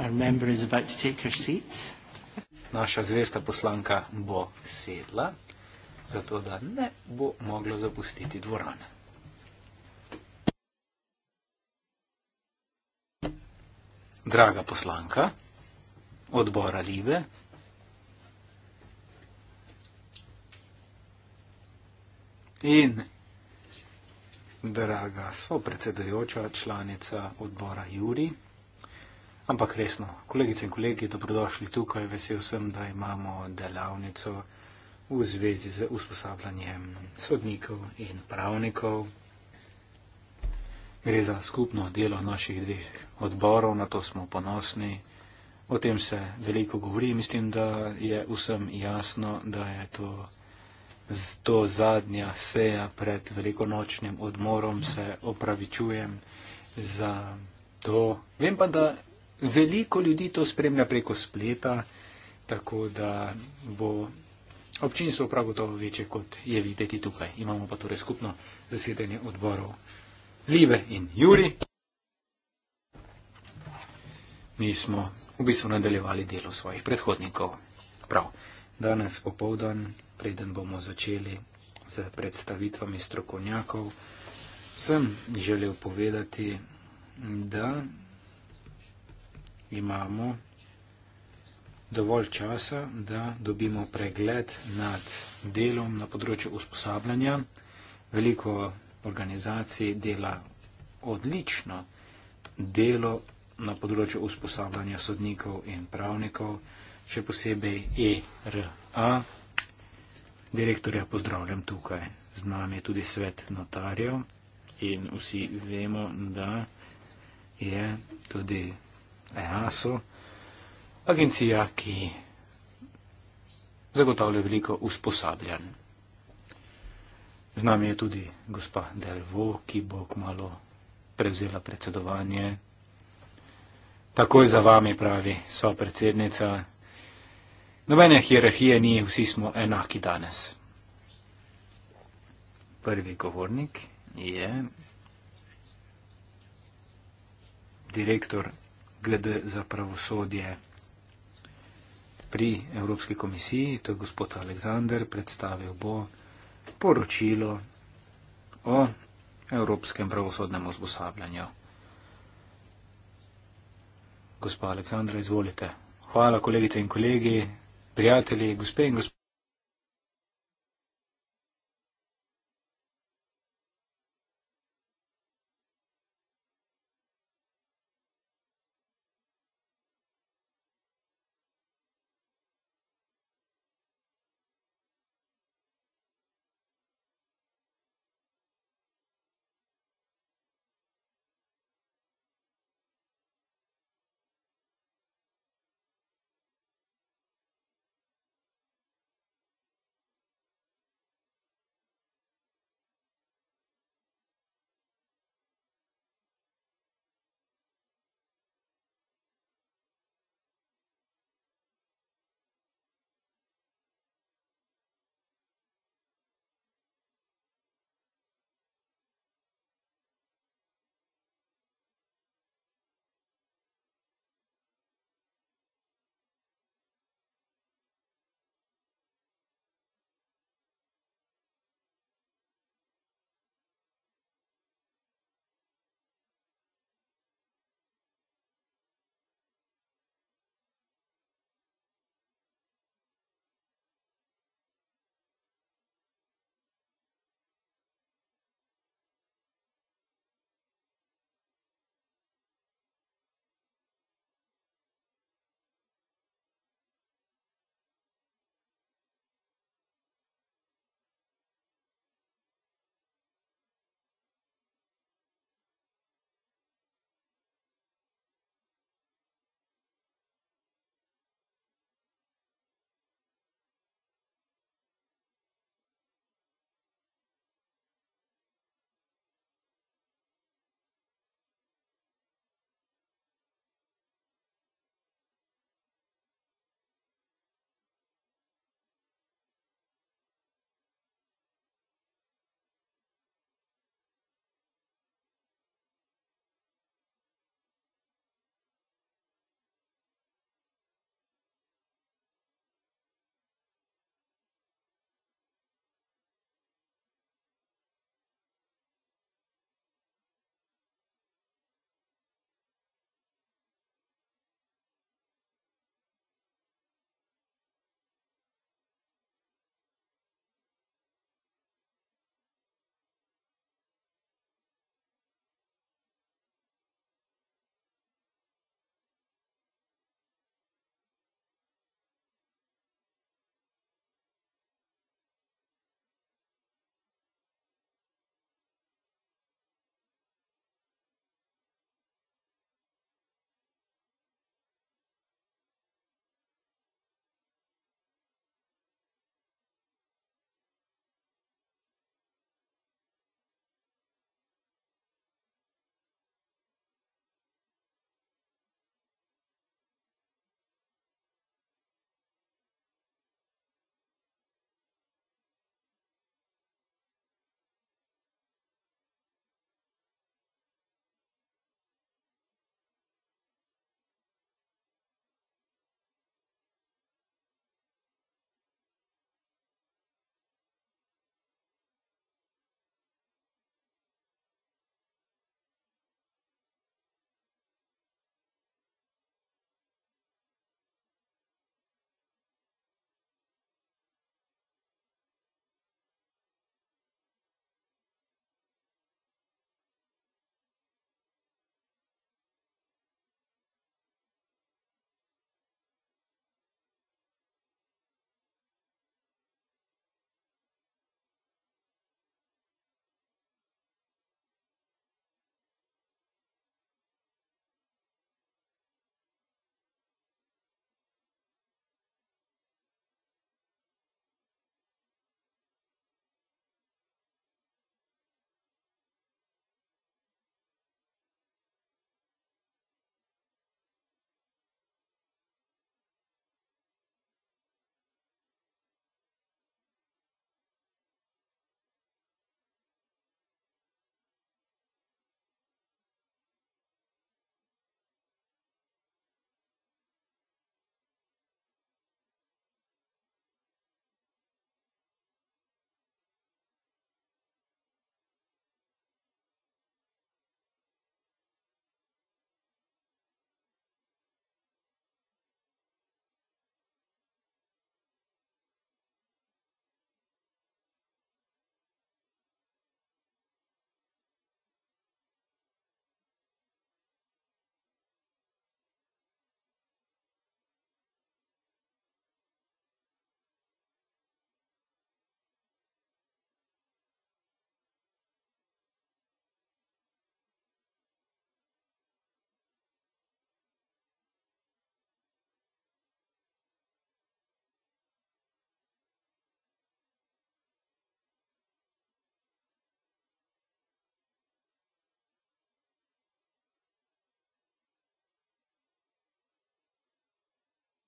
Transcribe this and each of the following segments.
Our member is about to take her seat. Naša zvesta poslanka bo sedla, zato da ne bo mogla zapustiti dvorane. Draga poslanka odbora Libe, In draga sopredsedujoča članica odbora Juri, Ampak resno, kolegice in kolegi, dobrodošli tukaj. Vesel sem, da imamo delavnico v zvezi z usposabljanjem sodnikov in pravnikov. Gre za skupno delo naših dveh odborov, na to smo ponosni. O tem se veliko govori. Mislim, da je vsem jasno, da je to, to zadnja seja pred velikonočnim odmorom. Se opravičujem za to. Vem pa, da veliko ljudi to spremlja preko spleta, tako da bo občinstvo prav gotovo večje, kot je videti tukaj. Imamo pa torej skupno zasedanje odborov Libe in Juri. Mi smo v bistvu nadaljevali delo svojih predhodnikov. Prav. Danes popovdan, preden bomo začeli s predstavitvami strokovnjakov, sem želel povedati, da imamo dovolj časa, da dobimo pregled nad delom na področju usposabljanja. Veliko organizacij dela odlično delo na področju usposabljanja sodnikov in pravnikov, še posebej ERA. Direktorja pozdravljam tukaj. Z nami je tudi svet notarjev in vsi vemo, da je tudi EASO, agencija, ki zagotavlja veliko usposabljanj. Z nami je tudi gospa Delvo, ki bo kmalo prevzela predsedovanje. Takoj za vami, pravi sva predsednica. Nobene hierarhije ni, vsi smo enaki danes. Prvi govornik je direktor GD za pravosodje pri Evropski komisiji, to je gospod Aleksandr, predstavil bo poročilo o evropskem pravosodnem usposabljanju. Gospa Aleksandra, izvolite. Hvala, kolegice in kolegi, prijatelji, gospe in gospod.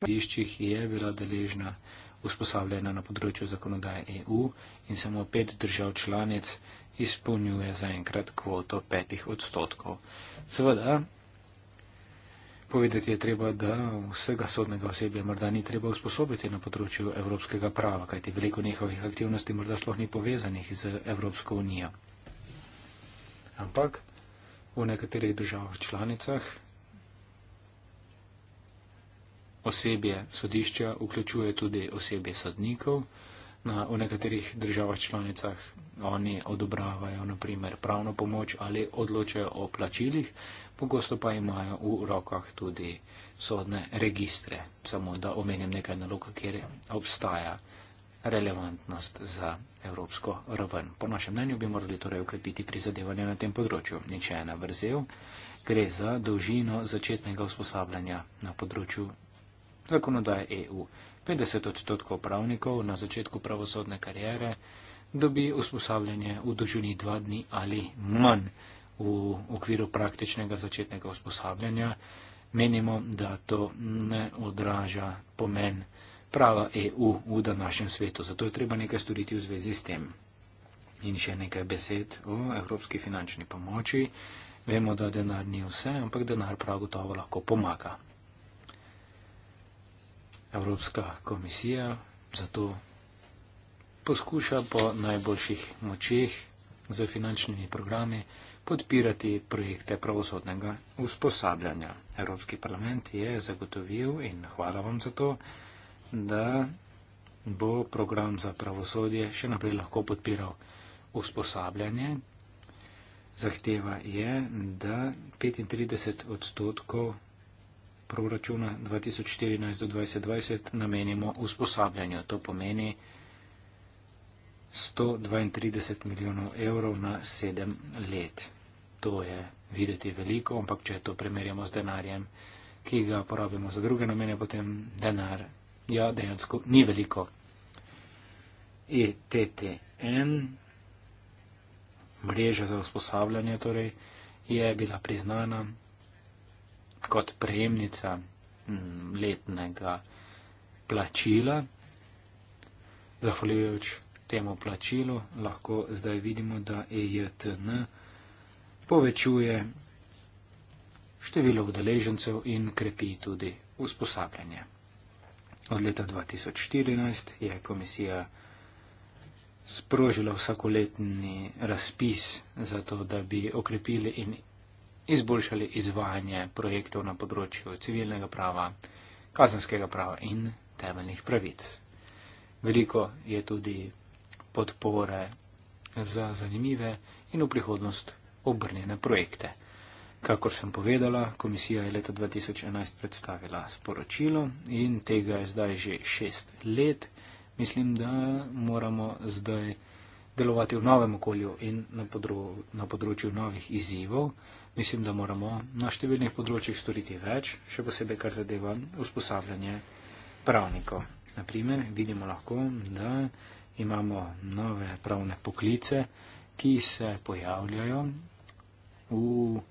sodiščih je bila deležna usposabljena na področju zakonodaje EU in samo pet držav članic izpolnjuje zaenkrat kvoto petih odstotkov. Seveda, povedati je treba, da vsega sodnega osebja morda ni treba usposobiti na področju evropskega prava, kajti veliko njihovih aktivnosti morda sploh ni povezanih z Evropsko unijo. Ampak v nekaterih državah članicah osebje sodišča vključuje tudi osebje sodnikov. Na, v nekaterih državah članicah oni odobravajo naprimer pravno pomoč ali odločajo o plačilih, pogosto pa imajo v rokah tudi sodne registre. Samo da omenim nekaj naloga, kjer obstaja relevantnost za evropsko raven. Po našem mnenju bi morali torej ukrepiti prizadevanje na tem področju. Niče je na vrzel, gre za dolžino začetnega usposabljanja na področju zakonodaje EU. 50 odstotkov pravnikov na začetku pravosodne karijere dobi usposabljanje v dožini dva dni ali manj v okviru praktičnega začetnega usposabljanja. Menimo, da to ne odraža pomen prava EU v današnjem svetu. Zato je treba nekaj storiti v zvezi s tem. In še nekaj besed o evropski finančni pomoči. Vemo, da denar ni vse, ampak denar prav gotovo lahko pomaga. Evropska komisija zato poskuša po najboljših močeh za finančnimi programi podpirati projekte pravosodnega usposabljanja. Evropski parlament je zagotovil in hvala vam za to, da bo program za pravosodje še naprej lahko podpiral usposabljanje. Zahteva je, da 35 odstotkov proračuna 2014 do 2020 namenimo usposabljanju. To pomeni 132 milijonov evrov na 7 let. To je videti veliko, ampak če to primerjamo z denarjem, ki ga porabimo za druge namene, potem denar, ja, dejansko ni veliko. ETTN, mreža za usposabljanje, torej, je bila priznana kot prejemnica mm, letnega plačila. Zahvaljujoč temu plačilu lahko zdaj vidimo, da EJTN povečuje število udeležencev in krepi tudi usposabljanje. Od leta 2014 je komisija sprožila vsakoletni razpis za to, da bi okrepili in izboljšali izvajanje projektov na področju civilnega prava, kazenskega prava in temeljnih pravic. Veliko je tudi podpore za zanimive in v prihodnost obrnjene projekte. Kakor sem povedala, komisija je leta 2011 predstavila sporočilo in tega je zdaj že šest let. Mislim, da moramo zdaj delovati v novem okolju in na, podro na področju novih izzivov. Mislim, da moramo na številnih področjih storiti več, še posebej kar zadeva usposabljanje pravnikov. Naprimer, vidimo lahko, da imamo nove pravne poklice, ki se pojavljajo v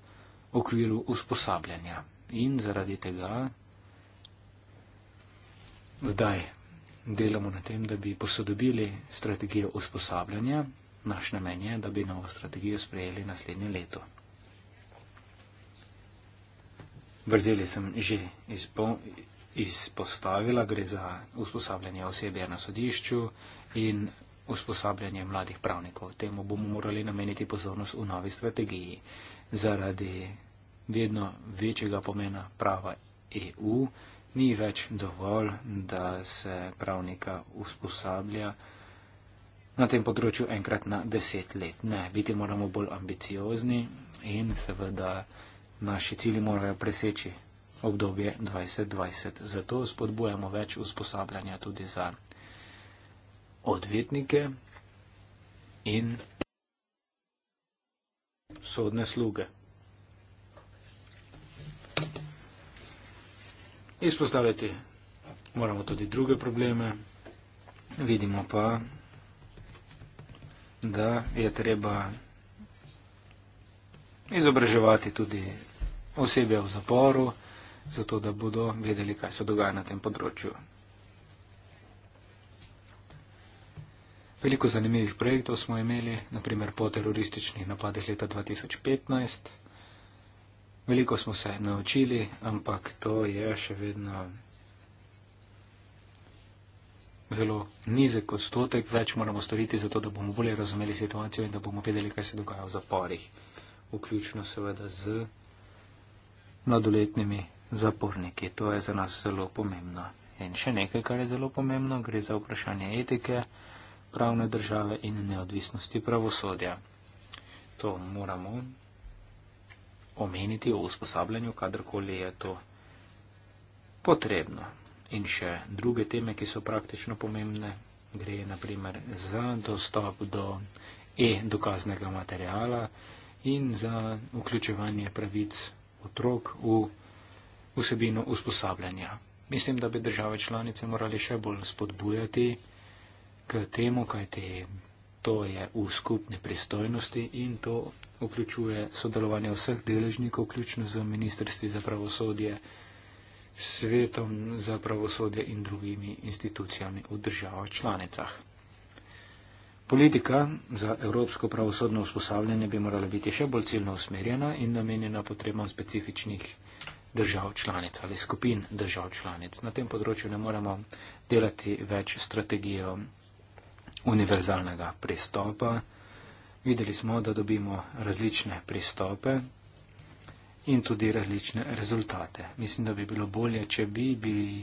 okviru usposabljanja. In zaradi tega zdaj delamo na tem, da bi posodobili strategijo usposabljanja. Naš namen je, da bi novo strategijo sprejeli naslednje leto. Vrzeli sem že izpo, izpostavila, gre za usposabljanje osebja na sodišču in usposabljanje mladih pravnikov. Temu bomo morali nameniti pozornost v novi strategiji. Zaradi vedno večjega pomena prava EU ni več dovolj, da se pravnika usposablja na tem področju enkrat na deset let. Ne, biti moramo bolj ambiciozni in seveda naši cilji morajo preseči obdobje 2020. Zato spodbujamo več usposabljanja tudi za odvetnike in sodne sluge. Izpostaviti moramo tudi druge probleme. Vidimo pa, da je treba izobraževati tudi osebja v zaporu, zato da bodo vedeli, kaj se dogaja na tem področju. Veliko zanimivih projektov smo imeli, naprimer po terorističnih napadih leta 2015. Veliko smo se naučili, ampak to je še vedno zelo nizek odstotek. Več moramo storiti, zato da bomo bolje razumeli situacijo in da bomo vedeli, kaj se dogaja v zaporih. Vključno seveda z mladoletnimi zaporniki. To je za nas zelo pomembno. In še nekaj, kar je zelo pomembno, gre za vprašanje etike, pravne države in neodvisnosti pravosodja. To moramo omeniti o usposabljanju, kadarkoli je to potrebno. In še druge teme, ki so praktično pomembne, gre naprimer za dostop do e-dokaznega materijala in za vključevanje pravic otrok v vsebino usposabljanja. Mislim, da bi države članice morali še bolj spodbujati k temu, kaj te to je v skupni pristojnosti in to vključuje sodelovanje vseh deležnikov, vključno z Ministrstvi za pravosodje, Svetom za pravosodje in drugimi institucijami v državah članicah. Politika za evropsko pravosodno usposabljanje bi morala biti še bolj ciljno usmerjena in namenjena potrebam specifičnih držav članic ali skupin držav članic. Na tem področju ne moremo delati več strategijo univerzalnega pristopa. Videli smo, da dobimo različne pristope in tudi različne rezultate. Mislim, da bi bilo bolje, če bi bili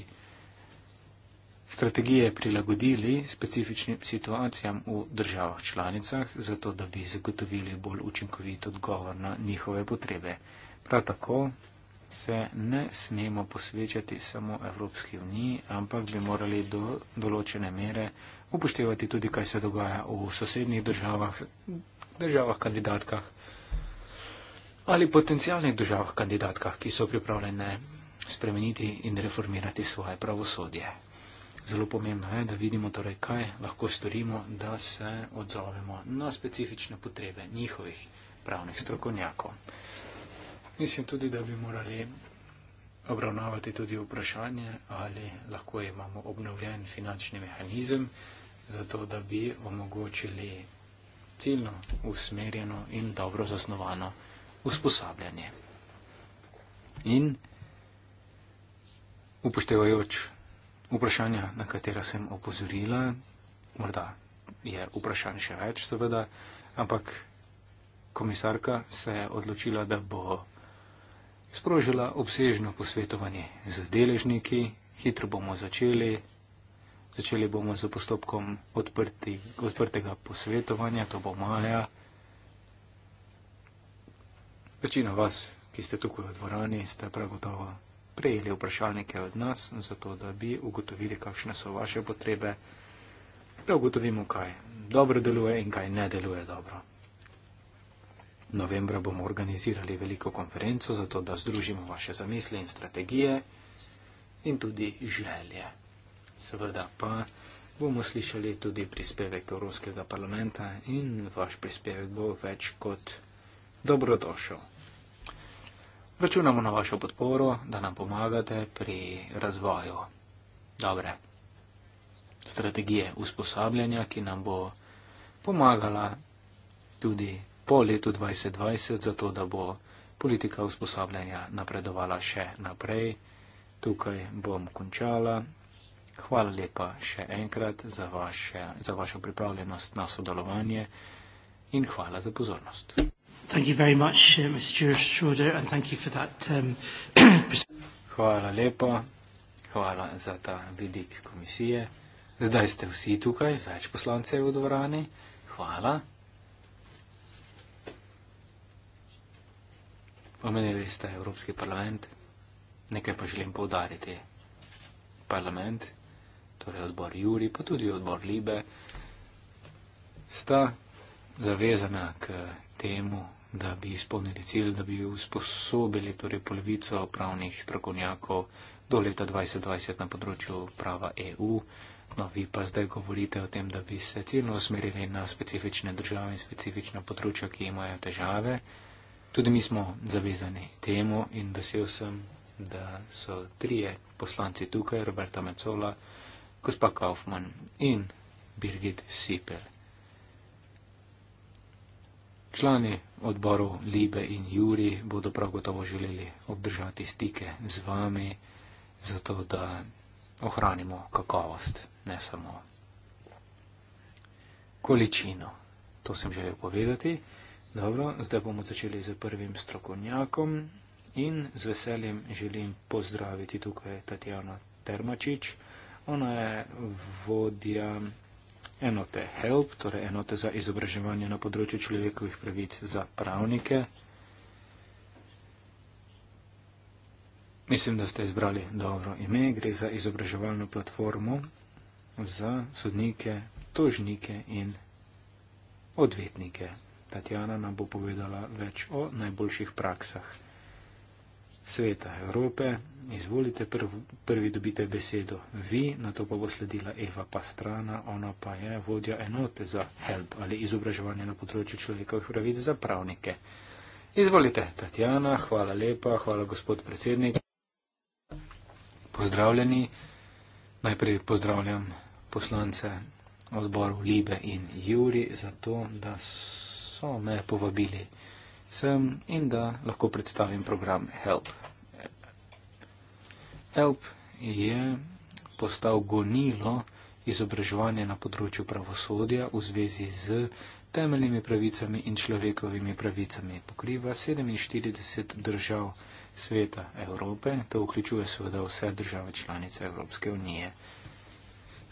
strategije prilagodili specifičnim situacijam v državah članicah, zato da bi zagotovili bolj učinkovit odgovor na njihove potrebe. Prav tako se ne smemo posvečati samo Evropski uniji, ampak bi morali do določene mere upoštevati tudi, kaj se dogaja v sosednjih državah, državah kandidatkah ali potencijalnih državah kandidatkah, ki so pripravljene spremeniti in reformirati svoje pravosodje zelo pomembno je, da vidimo torej, kaj lahko storimo, da se odzovemo na specifične potrebe njihovih pravnih strokovnjakov. Mislim tudi, da bi morali obravnavati tudi vprašanje, ali lahko imamo obnovljen finančni mehanizem, zato da bi omogočili ciljno, usmerjeno in dobro zasnovano usposabljanje. In upoštevajoč vprašanja, na katera sem opozorila, morda je vprašanj še več, seveda, ampak komisarka se je odločila, da bo sprožila obsežno posvetovanje z deležniki, hitro bomo začeli. Začeli bomo z postopkom odprti, odprtega posvetovanja, to bo maja. Večina vas, ki ste tukaj v dvorani, ste prav gotovo prejeli vprašalnike od nas, zato da bi ugotovili, kakšne so vaše potrebe, da ugotovimo, kaj dobro deluje in kaj ne deluje dobro. Novembra bomo organizirali veliko konferenco, zato da združimo vaše zamisle in strategije in tudi želje. Seveda pa bomo slišali tudi prispevek Evropskega parlamenta in vaš prispevek bo več kot dobrodošel. Računamo na vašo podporo, da nam pomagate pri razvoju dobre strategije usposabljanja, ki nam bo pomagala tudi po letu 2020, zato da bo politika usposabljanja napredovala še naprej. Tukaj bom končala. Hvala lepa še enkrat za, vaše, za vašo pripravljenost na sodelovanje in hvala za pozornost. Thank you very much, uh, Mr. Schroeder, and thank you for that. Um, Hvala lepa. Hvala za ta vidik komisije. Zdaj ste vsi tukaj, več poslancev v dvorani. Hvala. Omenili ste Evropski parlament. Nekaj pa želim povdariti. Parlament, torej odbor Juri, pa tudi odbor Libe, sta zavezana k temu da bi izpolnili cilj, da bi usposobili torej polovico pravnih strokovnjakov do leta 2020 na področju prava EU. No, vi pa zdaj govorite o tem, da bi se ciljno usmerili na specifične države in specifična področja, ki imajo težave. Tudi mi smo zavezani temu in vesel sem, da so trije poslanci tukaj, Roberta Mecola, gospa Kaufman in Birgit Sipel. Člani odborov Libe in Juri bodo prav gotovo želeli obdržati stike z vami, zato da ohranimo kakovost, ne samo količino. To sem želel povedati. Dobro, zdaj bomo začeli z prvim strokovnjakom in z veseljem želim pozdraviti tukaj Tatjana Termačič. Ona je vodja enote HELP, torej enote za izobraževanje na področju človekovih pravic za pravnike. Mislim, da ste izbrali dobro ime, gre za izobraževalno platformo za sodnike, tožnike in odvetnike. Tatjana nam bo povedala več o najboljših praksah sveta Evrope. Izvolite, prv, prvi dobite besedo vi, na to pa bo sledila Eva Pastrana, ona pa je vodja enote za help ali izobraževanje na področju človekovih pravic za pravnike. Izvolite, Tatjana, hvala lepa, hvala gospod predsednik. Pozdravljeni, najprej pozdravljam poslance odborov Libe in Juri za to, da so me povabili sem in da lahko predstavim program Help. Help je postal gonilo izobraževanja na področju pravosodja v zvezi z temeljnimi pravicami in človekovimi pravicami. Pokriva 47 držav sveta Evrope, to vključuje seveda vse države članice Evropske unije.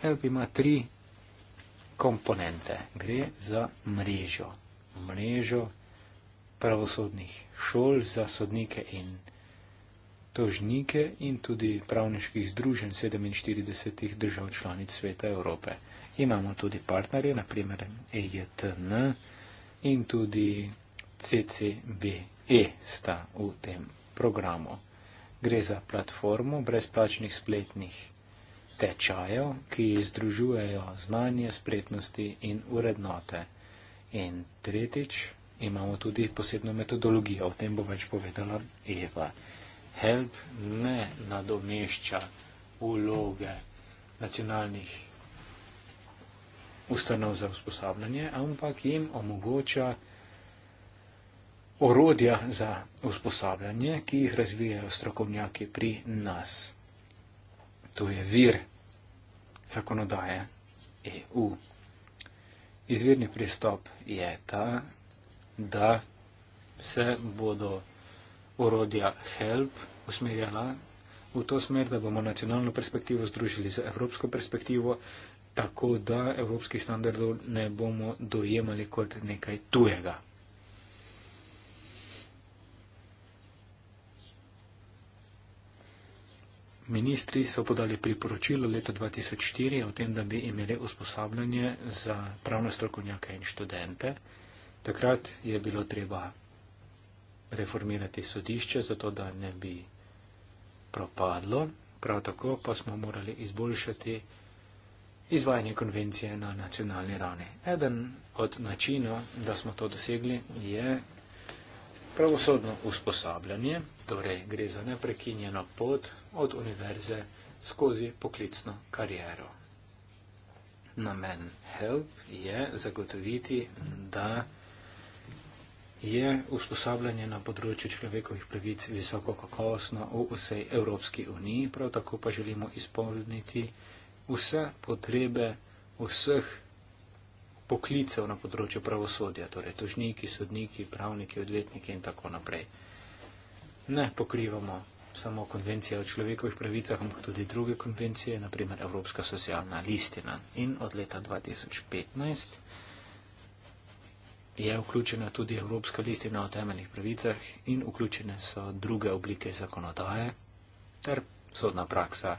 Help ima tri komponente. Gre za mrežo. Mrežo pravosodnih šol za sodnike in tožnike in tudi pravniških združenj 47 držav članic sveta Evrope. Imamo tudi partnerje, naprimer EJTN in tudi CCBE sta v tem programu. Gre za platformo brezplačnih spletnih tečajev, ki združujejo znanje, spretnosti in urednote. In tretjič, imamo tudi posebno metodologijo, o tem bo več povedala Eva. Help ne nadomešča uloge nacionalnih ustanov za usposabljanje, ampak jim omogoča orodja za usposabljanje, ki jih razvijajo strokovnjaki pri nas. To je vir zakonodaje EU. Izvirni pristop je ta, da se bodo orodja HELP usmerjala v to smer, da bomo nacionalno perspektivo združili z evropsko perspektivo, tako da evropskih standardov ne bomo dojemali kot nekaj tujega. Ministri so podali priporočilo leta 2004 o tem, da bi imeli usposabljanje za pravne strokovnjake in študente. Takrat je bilo treba reformirati sodišče, zato da ne bi propadlo. Prav tako pa smo morali izboljšati izvajanje konvencije na nacionalni ravni. Eden od načinov, da smo to dosegli, je pravosodno usposabljanje, torej gre za neprekinjeno pot od univerze skozi poklicno kariero. Namen HELP je zagotoviti, da je usposabljanje na področju človekovih pravic visoko kakovostno v vsej Evropski uniji, prav tako pa želimo izpolniti vse potrebe vseh poklicev na področju pravosodja, torej tožniki, sodniki, pravniki, odvetniki in tako naprej. Ne pokrivamo samo konvencije o človekovih pravicah, ampak tudi druge konvencije, naprimer Evropska socialna listina. In od leta 2015 je vključena tudi Evropska listina o temeljnih pravicah in vključene so druge oblike zakonodaje ter sodna praksa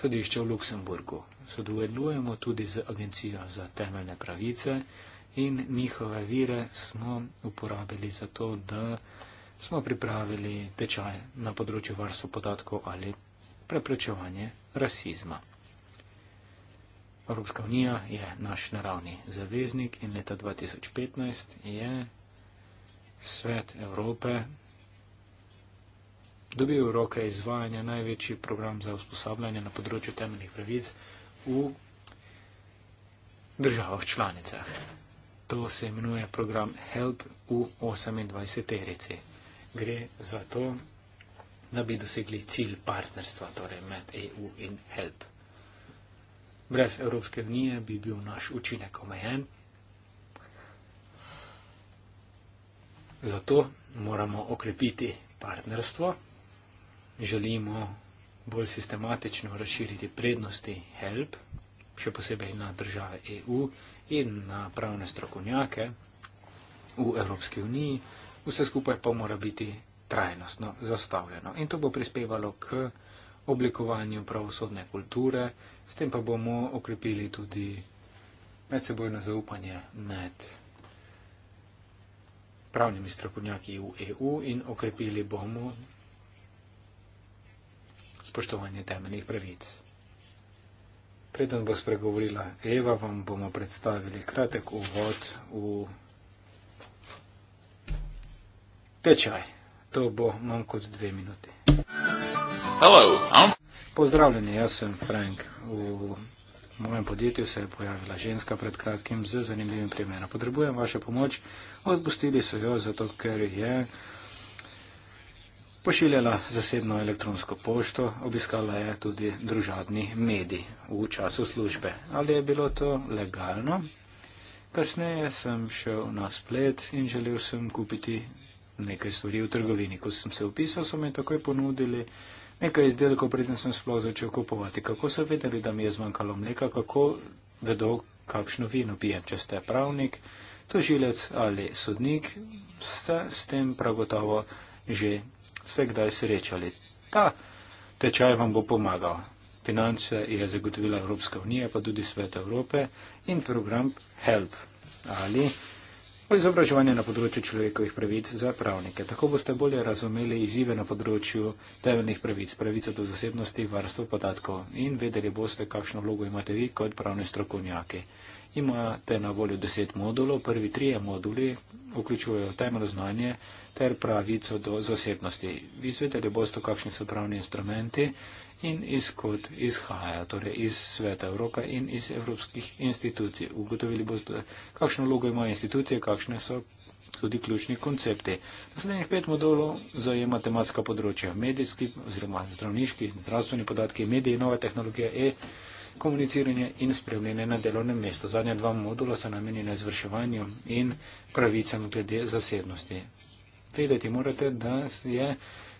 sodišča v Luksemburgu. Sodelujemo tudi z Agencijo za temeljne pravice in njihove vire smo uporabili za to, da smo pripravili tečaj na področju varstva podatkov ali preprečevanje rasizma. Evropska unija je naš naravni zaveznik in leta 2015 je svet Evrope dobil v roke izvajanja največji program za usposabljanje na področju temeljnih pravic v državah članicah. To se imenuje program HELP v 28. reci. Gre za to, da bi dosegli cilj partnerstva torej med EU in HELP. Brez Evropske unije bi bil naš učinek omejen. Zato moramo okrepiti partnerstvo, želimo bolj sistematično razširiti prednosti HELP, še posebej na države EU in na pravne strokovnjake v Evropski uniji. Vse skupaj pa mora biti trajnostno zastavljeno in to bo prispevalo k oblikovanju pravosodne kulture, s tem pa bomo okrepili tudi medsebojno zaupanje med pravnimi strokovnjaki v EU in okrepili bomo spoštovanje temeljnih pravic. Preden bo spregovorila Eva, vam bomo predstavili kratek uvod v tečaj. To bo manj kot dve minuti. Thank you. Hello, I'm... Pozdravljeni, jaz sem Frank. V mojem podjetju se je pojavila ženska pred kratkim z zanimivim primerom. Potrebujem vašo pomoč. Odpustili so jo zato, ker je pošiljala zasebno elektronsko pošto, obiskala je tudi družadni medij v času službe. Ali je bilo to legalno? Kasneje sem šel na splet in želel sem kupiti nekaj stvari v trgovini. Ko sem se upisal, so mi takoj ponudili nekaj izdelkov, preden sem sploh začel kupovati. Kako so vedeli, da mi je zmanjkalo mleka, kako vedo, kakšno vino pijem, če ste pravnik, tožilec ali sodnik, ste s tem pravgotovo že se kdaj srečali. Ta tečaj vam bo pomagal. Finance je zagotovila Evropska unija, pa tudi Svet Evrope in program HELP ali o izobraževanju na področju človekovih pravic za pravnike. Tako boste bolje razumeli izzive na področju temeljnih pravic, pravice do zasebnosti, varstvo podatkov in vedeli boste, kakšno vlogo imate vi kot pravni strokovnjaki. Imate na voljo deset modulov, prvi trije moduli vključujejo temeljno znanje ter pravico do zasebnosti. Vi izvedeli boste, kakšni so pravni instrumenti in iz kod izhaja, torej iz sveta Evrope in iz evropskih institucij. Ugotovili boste, kakšno vlogo imajo institucije, kakšne so tudi ključni koncepti. Naslednjih pet modulov zajema tematska področja medijski oziroma zdravniški, zdravstveni podatki, mediji, nove tehnologije, e komuniciranje in spremljanje na delovnem mestu. Zadnja dva modula so namenjena izvrševanju in pravicam glede zasebnosti. Vedeti morate, da je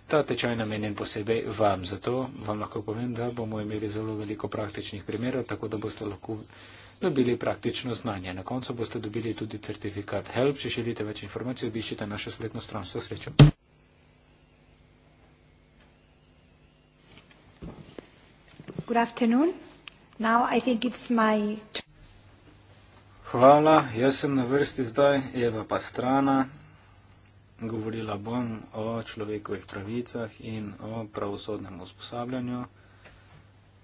Ta tečaj namenjen posebej vam, zato vam lahko povem, da bomo imeli zelo veliko praktičnih primerov, tako da boste lahko dobili praktično znanje. Na koncu boste dobili tudi certifikat HELP. Če želite več informacij, obiščite našo spletno stran. Vse srečo. Hvala, jaz sem na vrsti zdaj, Eva pa strana govorila bom o človekovih pravicah in o pravosodnem usposabljanju.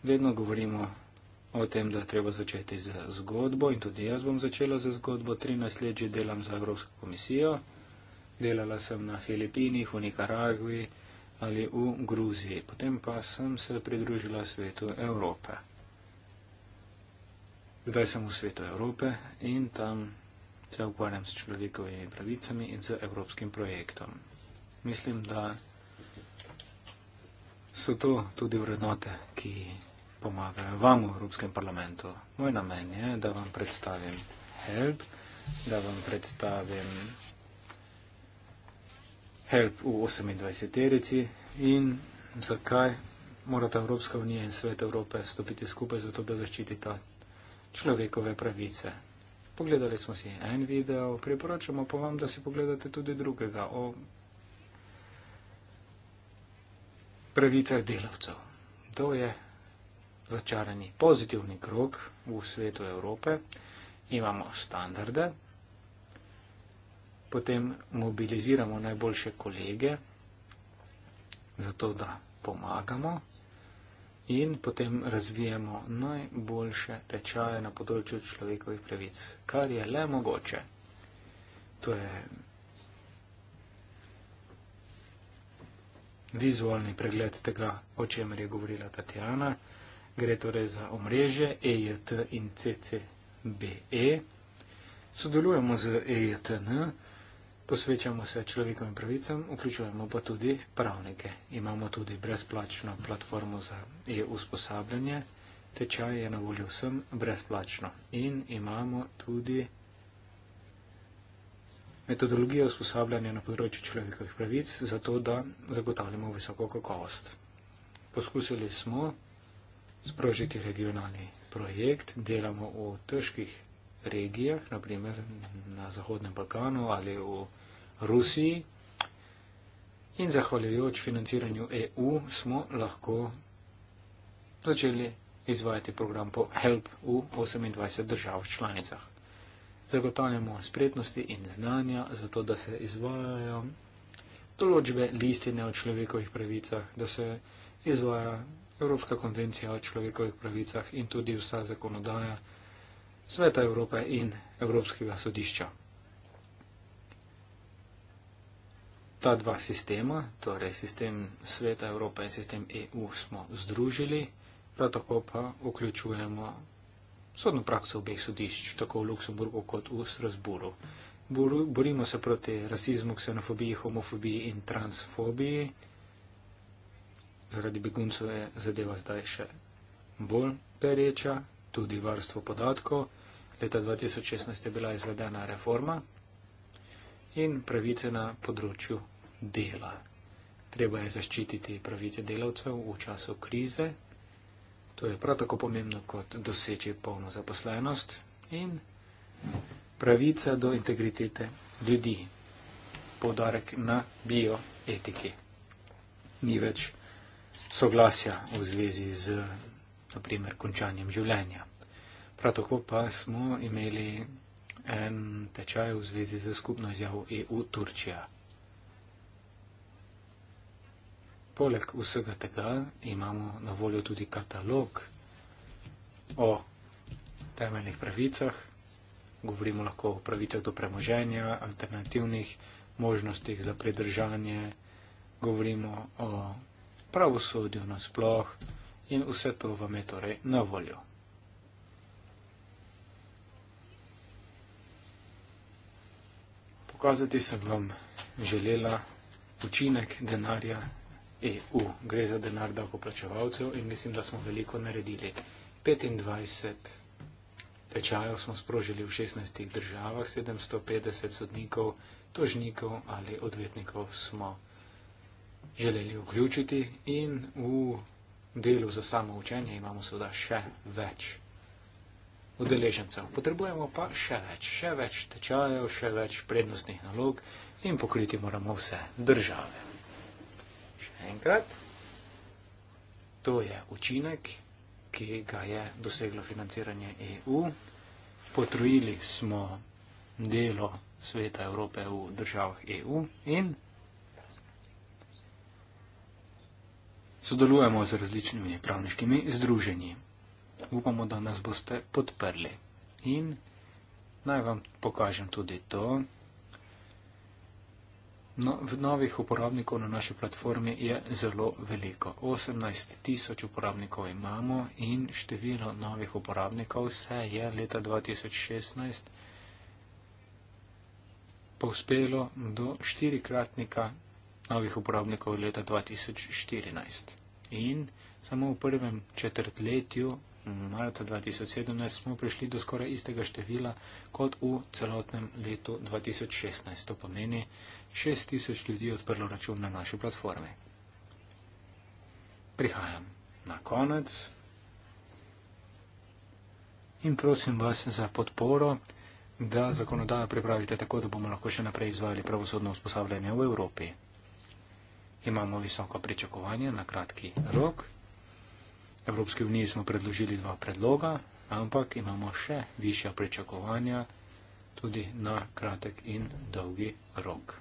Vedno govorimo o tem, da treba začeti z zgodbo in tudi jaz bom začela z zgodbo. 13 let že delam za Evropsko komisijo. Delala sem na Filipinih, v Nikaragvi ali v Gruziji. Potem pa sem se pridružila svetu Evrope. Zdaj sem v svetu Evrope in tam Se ukvarjam s človekovimi pravicami in z evropskim projektom. Mislim, da so to tudi vrednote, ki pomagajo vam v Evropskem parlamentu. Moj namen je, da vam predstavim help, da vam predstavim help v 28-erici in zakaj morata Evropska unija in Svet Evrope stopiti skupaj za to, da zaščitita človekove pravice. Pogledali smo si en video, priporočamo pa vam, da si pogledate tudi drugega o pravicah delavcev. To je začarani pozitivni krok v svetu Evrope. Imamo standarde, potem mobiliziramo najboljše kolege, zato da pomagamo in potem razvijemo najboljše tečaje na področju človekovih pravic, kar je le mogoče. To je vizualni pregled tega, o čemer je govorila Tatjana. Gre torej za omrežje EJT in CCBE. Sodelujemo z EJTN. Posvečamo se človekovim pravicam, vključujemo pa tudi pravnike. Imamo tudi brezplačno platformo za e-usposabljanje, tečaj je na voljo vsem brezplačno. In imamo tudi metodologijo usposabljanja na področju človekovih pravic, zato da zagotavljamo visoko kakovost. Poskusili smo sprožiti regionalni projekt, delamo v težkih regijah, naprimer na Zahodnem Balkanu ali v Rusiji. In zahvaljujoč financiranju EU smo lahko začeli izvajati program po HELP v 28 držav članicah. Zagotavljamo spretnosti in znanja za to, da se izvajajo določbe listine o človekovih pravicah, da se izvaja Evropska konvencija o človekovih pravicah in tudi vsa zakonodaja. Sveta Evrope in Evropskega sodišča. Ta dva sistema, torej sistem Sveta Evrope in sistem EU, smo združili, prav tako pa vključujemo sodno prakso obeh sodišč, tako v Luksemburgu kot v Strasburu. Borimo se proti rasizmu, ksenofobiji, homofobiji in transfobiji. Zaradi beguncev je zadeva zdaj še bolj pereča tudi varstvo podatkov. Leta 2016 je bila izvedena reforma in pravice na področju dela. Treba je zaščititi pravice delavcev v času krize. To je prav tako pomembno kot doseči polno zaposlenost in pravica do integritete ljudi. Podarek na bioetiki. Ni več soglasja v zvezi z naprimer končanjem življenja. Prav tako pa smo imeli en tečaj v zvezi z skupno izjavo EU-Turčija. Poleg vsega tega imamo na voljo tudi katalog o temeljnih pravicah, govorimo lahko o pravicah do premoženja, alternativnih možnostih za pridržanje, govorimo o pravosodju nasploh in vse to vam je torej na voljo. Pokazati sem vam želela učinek denarja EU. Gre za denar davkoplačevalcev in mislim, da smo veliko naredili. 25 tečajev smo sprožili v 16 državah, 750 sodnikov, tožnikov ali odvetnikov smo želeli vključiti in v delu za samo učenje imamo seveda še več udeležencev. Potrebujemo pa še več, še več tečajev, še več prednostnih nalog in pokriti moramo vse države. Še enkrat, to je učinek, ki ga je doseglo financiranje EU. Potrojili smo delo sveta Evrope v državah EU in Sodelujemo z različnimi pravniškimi združenji. Upamo, da nas boste podprli. In naj vam pokažem tudi to. No, novih uporabnikov na naši platformi je zelo veliko. 18 tisoč uporabnikov imamo in število novih uporabnikov se je leta 2016 povspelo do štirikratnika novih uporabnikov leta 2014. In samo v prvem četrtletju marca 2017 smo prišli do skoraj istega števila kot v celotnem letu 2016. To pomeni 6000 ljudi odprlo račun na naši platformi. Prihajam na konec in prosim vas za podporo, da zakonodajo pripravite tako, da bomo lahko še naprej izvajali pravosodno usposabljanje v Evropi imamo visoko pričakovanje na kratki rok. Evropski uniji smo predložili dva predloga, ampak imamo še višja pričakovanja tudi na kratek in dolgi rok.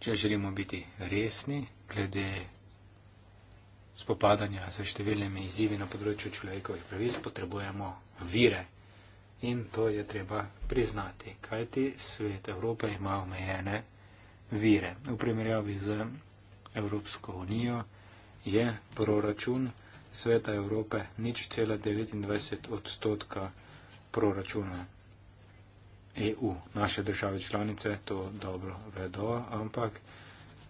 Če želimo biti resni glede spopadanja z številnimi izzivi na področju človekovih pravic, potrebujemo vire. In to je treba priznati, kajti svet Evrope ima omejene vire. V primerjavi z Evropsko unijo je proračun sveta Evrope nič cela 29 odstotka proračuna EU. Naše države članice to dobro vedo, ampak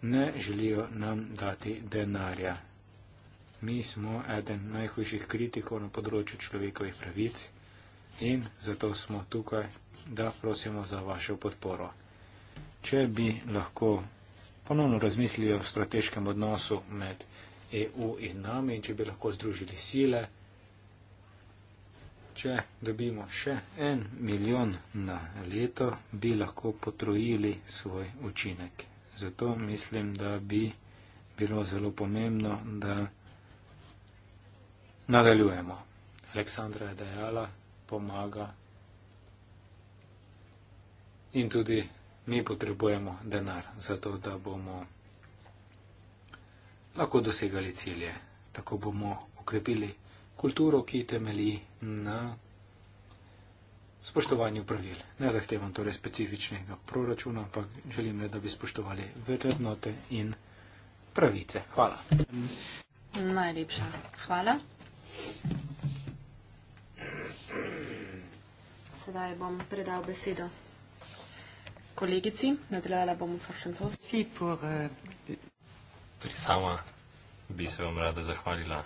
ne želijo nam dati denarja. Mi smo eden najhujših kritikov na področju človekovih pravic in zato smo tukaj, da prosimo za vašo podporo če bi lahko ponovno razmislili o strateškem odnosu med EU in nami in če bi lahko združili sile, če dobimo še en milijon na leto, bi lahko potrojili svoj učinek. Zato mislim, da bi bilo zelo pomembno, da nadaljujemo. Aleksandra je dejala, pomaga in tudi mi potrebujemo denar, zato da bomo lahko dosegali cilje. Tako bomo ukrepili kulturo, ki temeli na spoštovanju pravil. Ne zahtevam torej specifičnega proračuna, ampak želim le, da bi spoštovali vrednote in pravice. Hvala. Najlepša hvala. Sedaj bom predal besedo kolegici, nadaljala bom v francoski. Eh, Tudi sama bi se vam rada zahvalila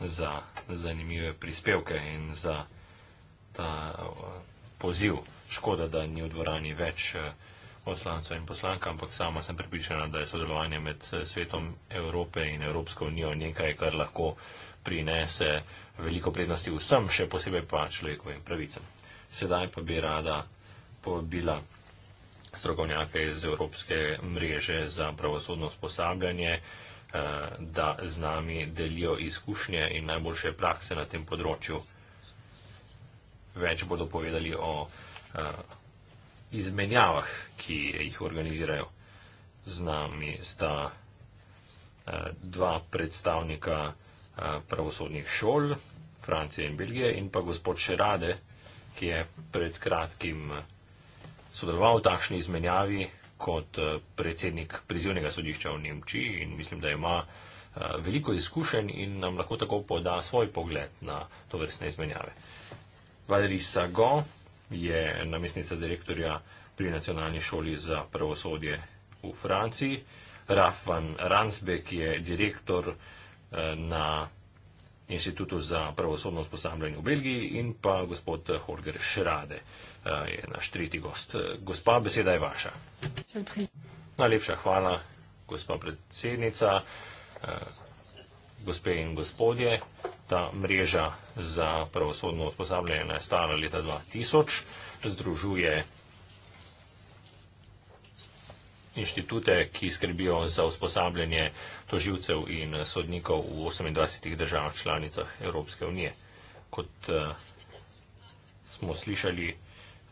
za zanimive prispevke in za ta eh, poziv. Škoda, da ni v dvorani več poslancev eh, in poslanka, ampak sama sem pripričana, da je sodelovanje med svetom Evrope in Evropsko unijo nekaj, kar lahko prinese veliko prednosti vsem, še posebej pa človekovim pravicam. Sedaj pa bi rada povabila strokovnjake iz Evropske mreže za pravosodno sposabljanje, eh, da z nami delijo izkušnje in najboljše prakse na tem področju. Več bodo povedali o eh, izmenjavah, ki jih organizirajo. Z nami sta eh, dva predstavnika pravosodnih šol, Francije in Belgije, in pa gospod Šerade, ki je pred kratkim sodeloval v takšni izmenjavi kot eh, predsednik prizivnega sodišča v Nemčiji in mislim, da ima eh, veliko izkušenj in nam lahko tako poda svoj pogled na to vrstne izmenjave. Valerij Sago je namestnica direktorja pri nacionalni šoli za pravosodje v Franciji. Raf van Ransbeck je direktor eh, na Inštitutu za pravosodno usposabljanje v Belgiji in pa gospod Holger Šrade. Eh, je naš tretji gost. Eh, gospa, beseda je vaša. Najlepša hvala, gospa predsednica, eh, gospe in gospodje. Ta mreža za pravosodno usposabljanje je stara leta 2000, združuje inštitute, ki skrbijo za usposabljanje toživcev in sodnikov v 28 državah članicah Evropske unije. Kot uh, smo slišali,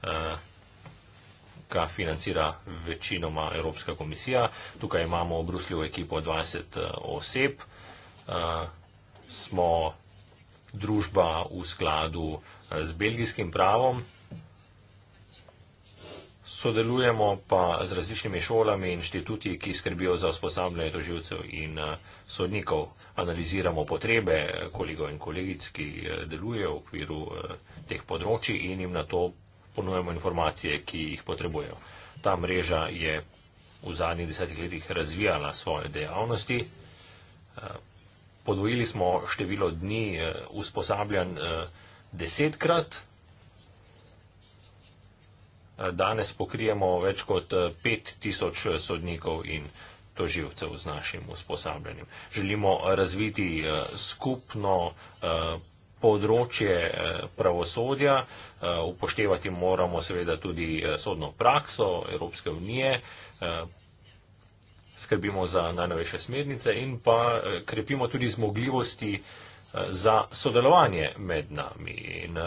ki eh, financira večinoma Evropska komisija. Tukaj imamo v Bruslju ekipo 20 eh, oseb. Eh, smo družba v skladu z belgijskim pravom. Sodelujemo pa z različnimi šolami in inštituti, ki skrbijo za usposabljanje toživcev in sodnikov. Analiziramo potrebe kolegov in kolegic, ki delujejo v okviru teh področji in jim na to ponujamo informacije, ki jih potrebujejo. Ta mreža je v zadnjih desetih letih razvijala svoje dejavnosti. Podvojili smo število dni eh, usposabljan eh, desetkrat. Eh, danes pokrijemo več kot 5000 sodnikov in toživcev z našim usposabljanjem. Želimo razviti skupno področje eh, pravosodja, eh, upoštevati moramo seveda tudi eh, sodno prakso Evropske unije, skrbimo za najnovejše smernice in pa krepimo tudi zmogljivosti za sodelovanje med nami. In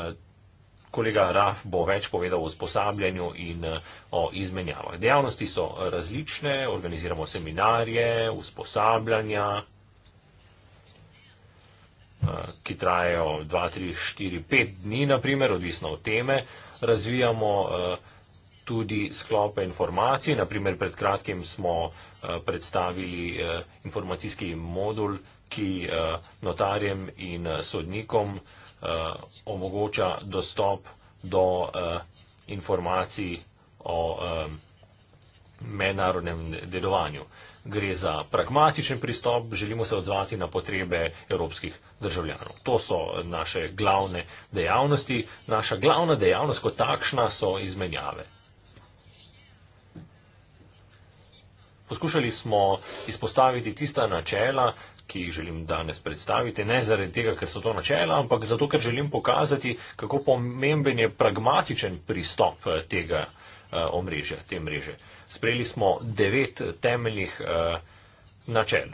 kolega Raf bo več povedal o usposabljanju in o izmenjavah. Dejavnosti so različne, organiziramo seminarje, usposabljanja ki trajajo 2, 3, 4, 5 dni, naprimer, odvisno od teme, razvijamo eh, tudi sklope informacij. Naprimer, pred kratkim smo eh, predstavili eh, informacijski modul, ki notarjem in sodnikom omogoča dostop do informacij o informacij mednarodnem dedovanju. Gre za pragmatičen pristop, želimo se odzvati na potrebe evropskih državljanov. To so naše glavne dejavnosti. Naša glavna dejavnost kot takšna so izmenjave. Poskušali smo izpostaviti tista načela, ki jih želim danes predstaviti, ne zaradi tega, ker so to načela, ampak zato, ker želim pokazati, kako pomemben je pragmatičen pristop eh, tega eh, omrežja, te mreže. Uh, sprejeli smo devet temeljnih uh, načel.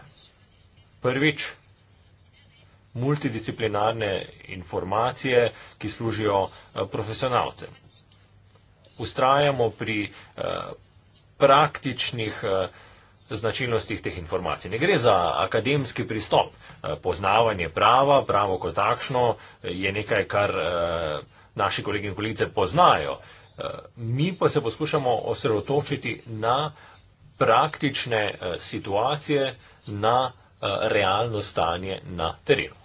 Prvič, multidisciplinarne informacije, ki služijo uh, profesionalcem. Ustrajamo pri uh, praktičnih uh, značilnostih teh informacij. Ne gre za akademski pristop. Uh, poznavanje prava, pravo kot takšno, je nekaj, kar uh, naši kolegi in kolegice poznajo. Uh, mi pa se poskušamo osredotočiti na praktične eh, situacije, na eh, realno stanje na terenu.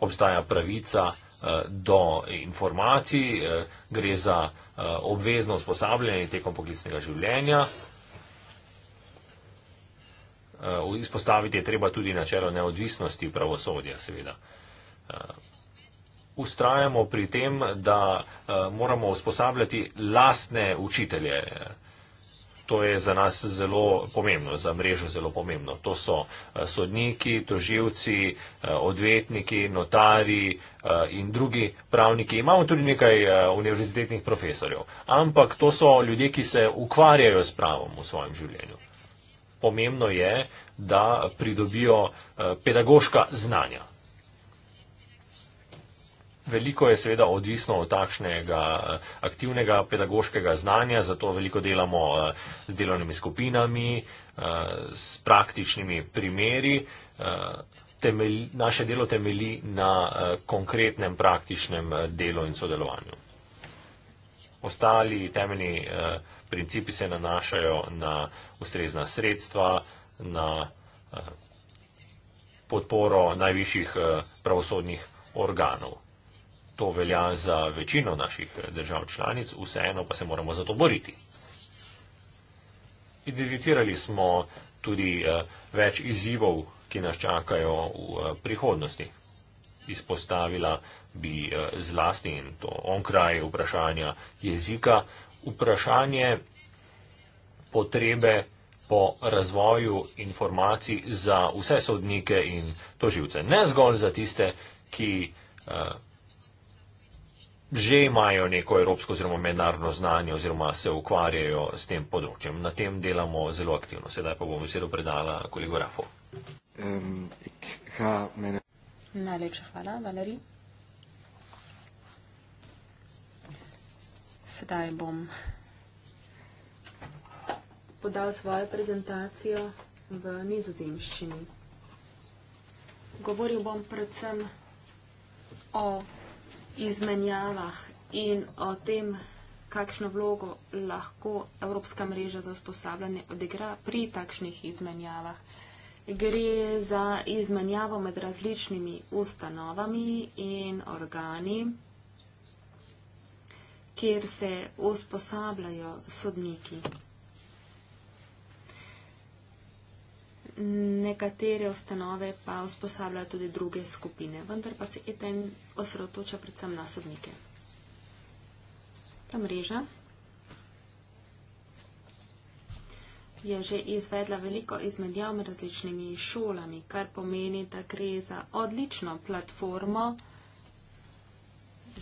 Obstaja pravica eh, do informacij, gre za obvezno usposabljanje tekom poklicnega življenja. Eh, izpostaviti je treba tudi načelo neodvisnosti pravosodja, seveda. Eh, ustrajamo pri tem, da eh, moramo usposabljati lastne učitelje. To je za nas zelo pomembno, za mrežo zelo pomembno. To so sodniki, toživci, odvetniki, notari in drugi pravniki. Imamo tudi nekaj univerzitetnih profesorjev, ampak to so ljudje, ki se ukvarjajo s pravom v svojem življenju pomembno je, da pridobijo eh, pedagoška znanja. Veliko je seveda odvisno od takšnega eh, aktivnega pedagoškega znanja, zato veliko delamo eh, z delovnimi skupinami, s praktičnimi primeri. Temelj, naše delo temelji na konkretnem praktičnem delu in sodelovanju. Ostali temeljni eh, principi se nanašajo na ustrezna sredstva, na eh, podporo najvišjih eh, pravosodnih organov. To velja za večino naših eh, držav članic, vseeno pa se moramo za to boriti. Identificirali smo tudi več izzivov, ki nas čakajo v prihodnosti. Izpostavila bi zlasti in to onkraj vprašanja jezika, vprašanje potrebe po razvoju informacij za vse sodnike in toživce. Ne zgolj za tiste, ki uh, že imajo neko evropsko oziroma mednarodno znanje oziroma se ukvarjajo s tem področjem. Na tem delamo zelo aktivno. Sedaj pa bom besedo predala kolegu Rafu. Um, Najlepša hvala, Valerij. Sedaj bom podal svojo prezentacijo v nizozemščini. Govoril bom predvsem o izmenjavah in o tem, kakšno vlogo lahko Evropska mreža za usposabljanje odigra pri takšnih izmenjavah. Gre za izmenjavo med različnimi ustanovami in organi kjer se usposabljajo sodniki. Nekatere ustanove pa usposabljajo tudi druge skupine, vendar pa se eten osredotoča predvsem na sodnike. Ta mreža je že izvedla veliko izmedjav med različnimi šolami, kar pomeni, da gre za odlično platformo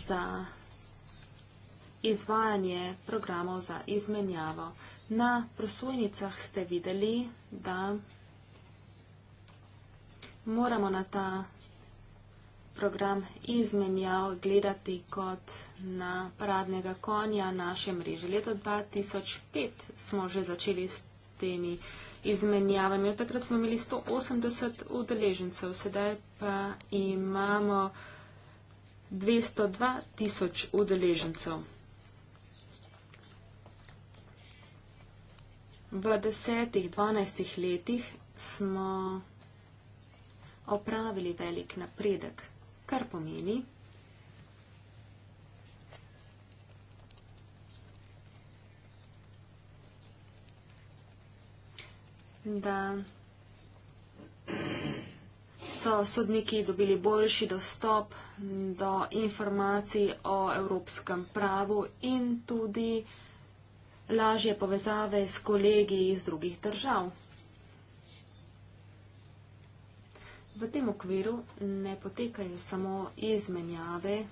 za izvajanje programov za izmenjavo. Na prosojnicah ste videli, da moramo na ta program izmenjav gledati kot na paradnega konja naše mreže. Leto 2005 smo že začeli s temi izmenjavami. Od takrat smo imeli 180 udeležencev, sedaj pa imamo 202 tisoč udeležencev. V desetih, dvanajstih letih smo opravili velik napredek, kar pomeni, da so sodniki dobili boljši dostop do informacij o evropskem pravu in tudi informacij, lažje povezave s kolegi iz drugih držav. V tem okviru ne potekajo samo izmenjave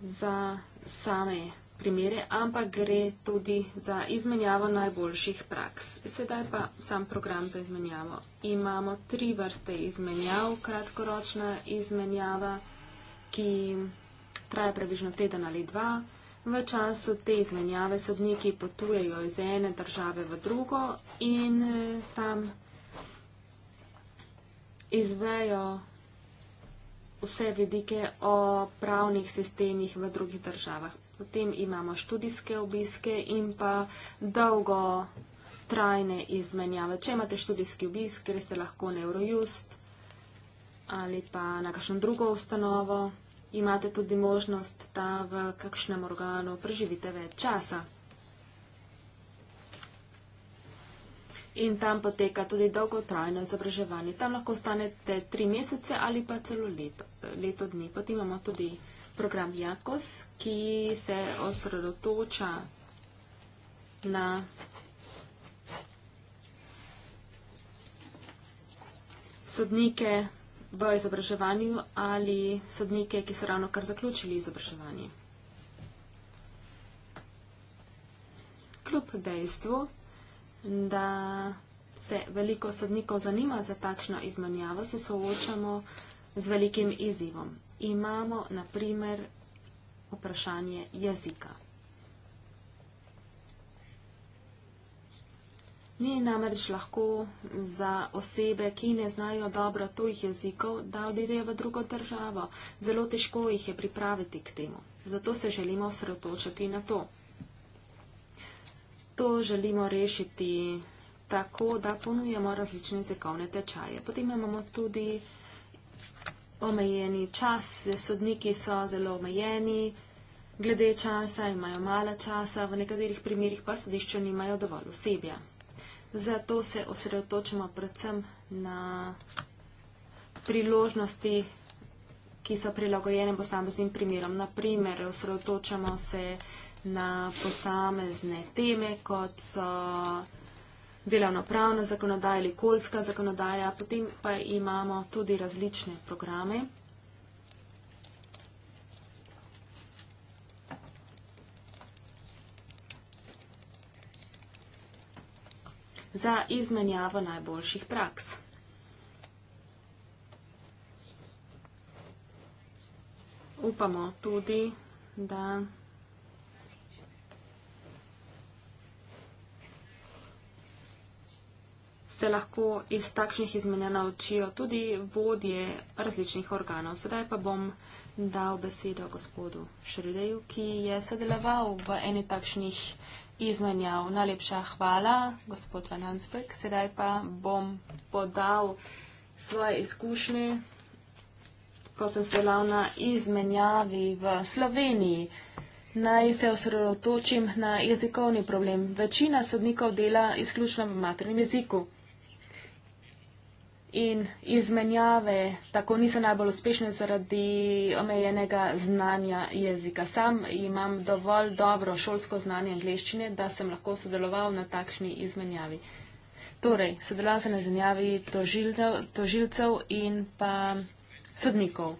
za same primere, ampak gre tudi za izmenjavo najboljših praks. Sedaj pa sam program za izmenjavo. Imamo tri vrste izmenjav, kratkoročna izmenjava, ki je traja približno teden ali dva. V času te izmenjave sodniki potujejo iz ene države v drugo in eh, tam izvejo vse vidike o pravnih sistemih v drugih državah. Potem imamo študijske obiske in pa dolgo trajne izmenjave. Če imate študijski obisk, ker ste lahko na Eurojust ali pa na kakšno drugo ustanovo, imate tudi možnost, da v kakšnem organu preživite več časa. In tam poteka tudi dolgotrajno izobraževanje. Tam lahko ostanete tri mesece ali pa celo leto, leto dni. Potem imamo tudi program Jakos, ki se osredotoča na sodnike, v izobraževanju ali sodnike, ki so ravno kar zaključili izobraževanje. Kljub dejstvu, da se veliko sodnikov zanima za takšno izmanjavo, se soočamo z velikim izzivom. Imamo, na primer, vprašanje jezika. Ni namreč lahko za osebe, ki ne znajo dobro tujih jezikov, da odidejo v drugo državo. Zelo težko jih je pripraviti k temu. Zato se želimo osredotočiti na to. To želimo rešiti tako, da ponujemo različne jezikovne tečaje. Potem imamo tudi omejeni čas, sodniki so zelo omejeni, glede časa imajo malo časa, v nekaterih primerjih pa sodišče nimajo dovolj osebja. Zato se osredotočamo predvsem na priložnosti, ki so prilagojene posameznim primerom. Naprimer, osredotočamo se na posamezne teme, kot so delavno-pravna zakonodaja ali okoljska zakonodaja, potem pa imamo tudi različne programe. za izmenjavo najboljših praks. Upamo tudi, da se lahko iz takšnih izmenjav naučijo tudi vodje različnih organov. Sedaj pa bom dal besedo gospodu Šrideju, ki je sodeloval v eni takšnih izmenjav. Najlepša hvala, gospod Van Ansberg. Sedaj pa bom podal svoje izkušnje, ko sem sedelal na izmenjavi v Sloveniji. Naj se osredotočim na jezikovni problem. Večina sodnikov dela izključno v maternem jeziku in izmenjave tako niso najbolj uspešne zaradi omejenega znanja jezika. Sam imam dovolj dobro šolsko znanje angleščine, da sem lahko sodeloval na takšni izmenjavi. Torej, sodeloval sem na izmenjavi tožilcev in pa sodnikov.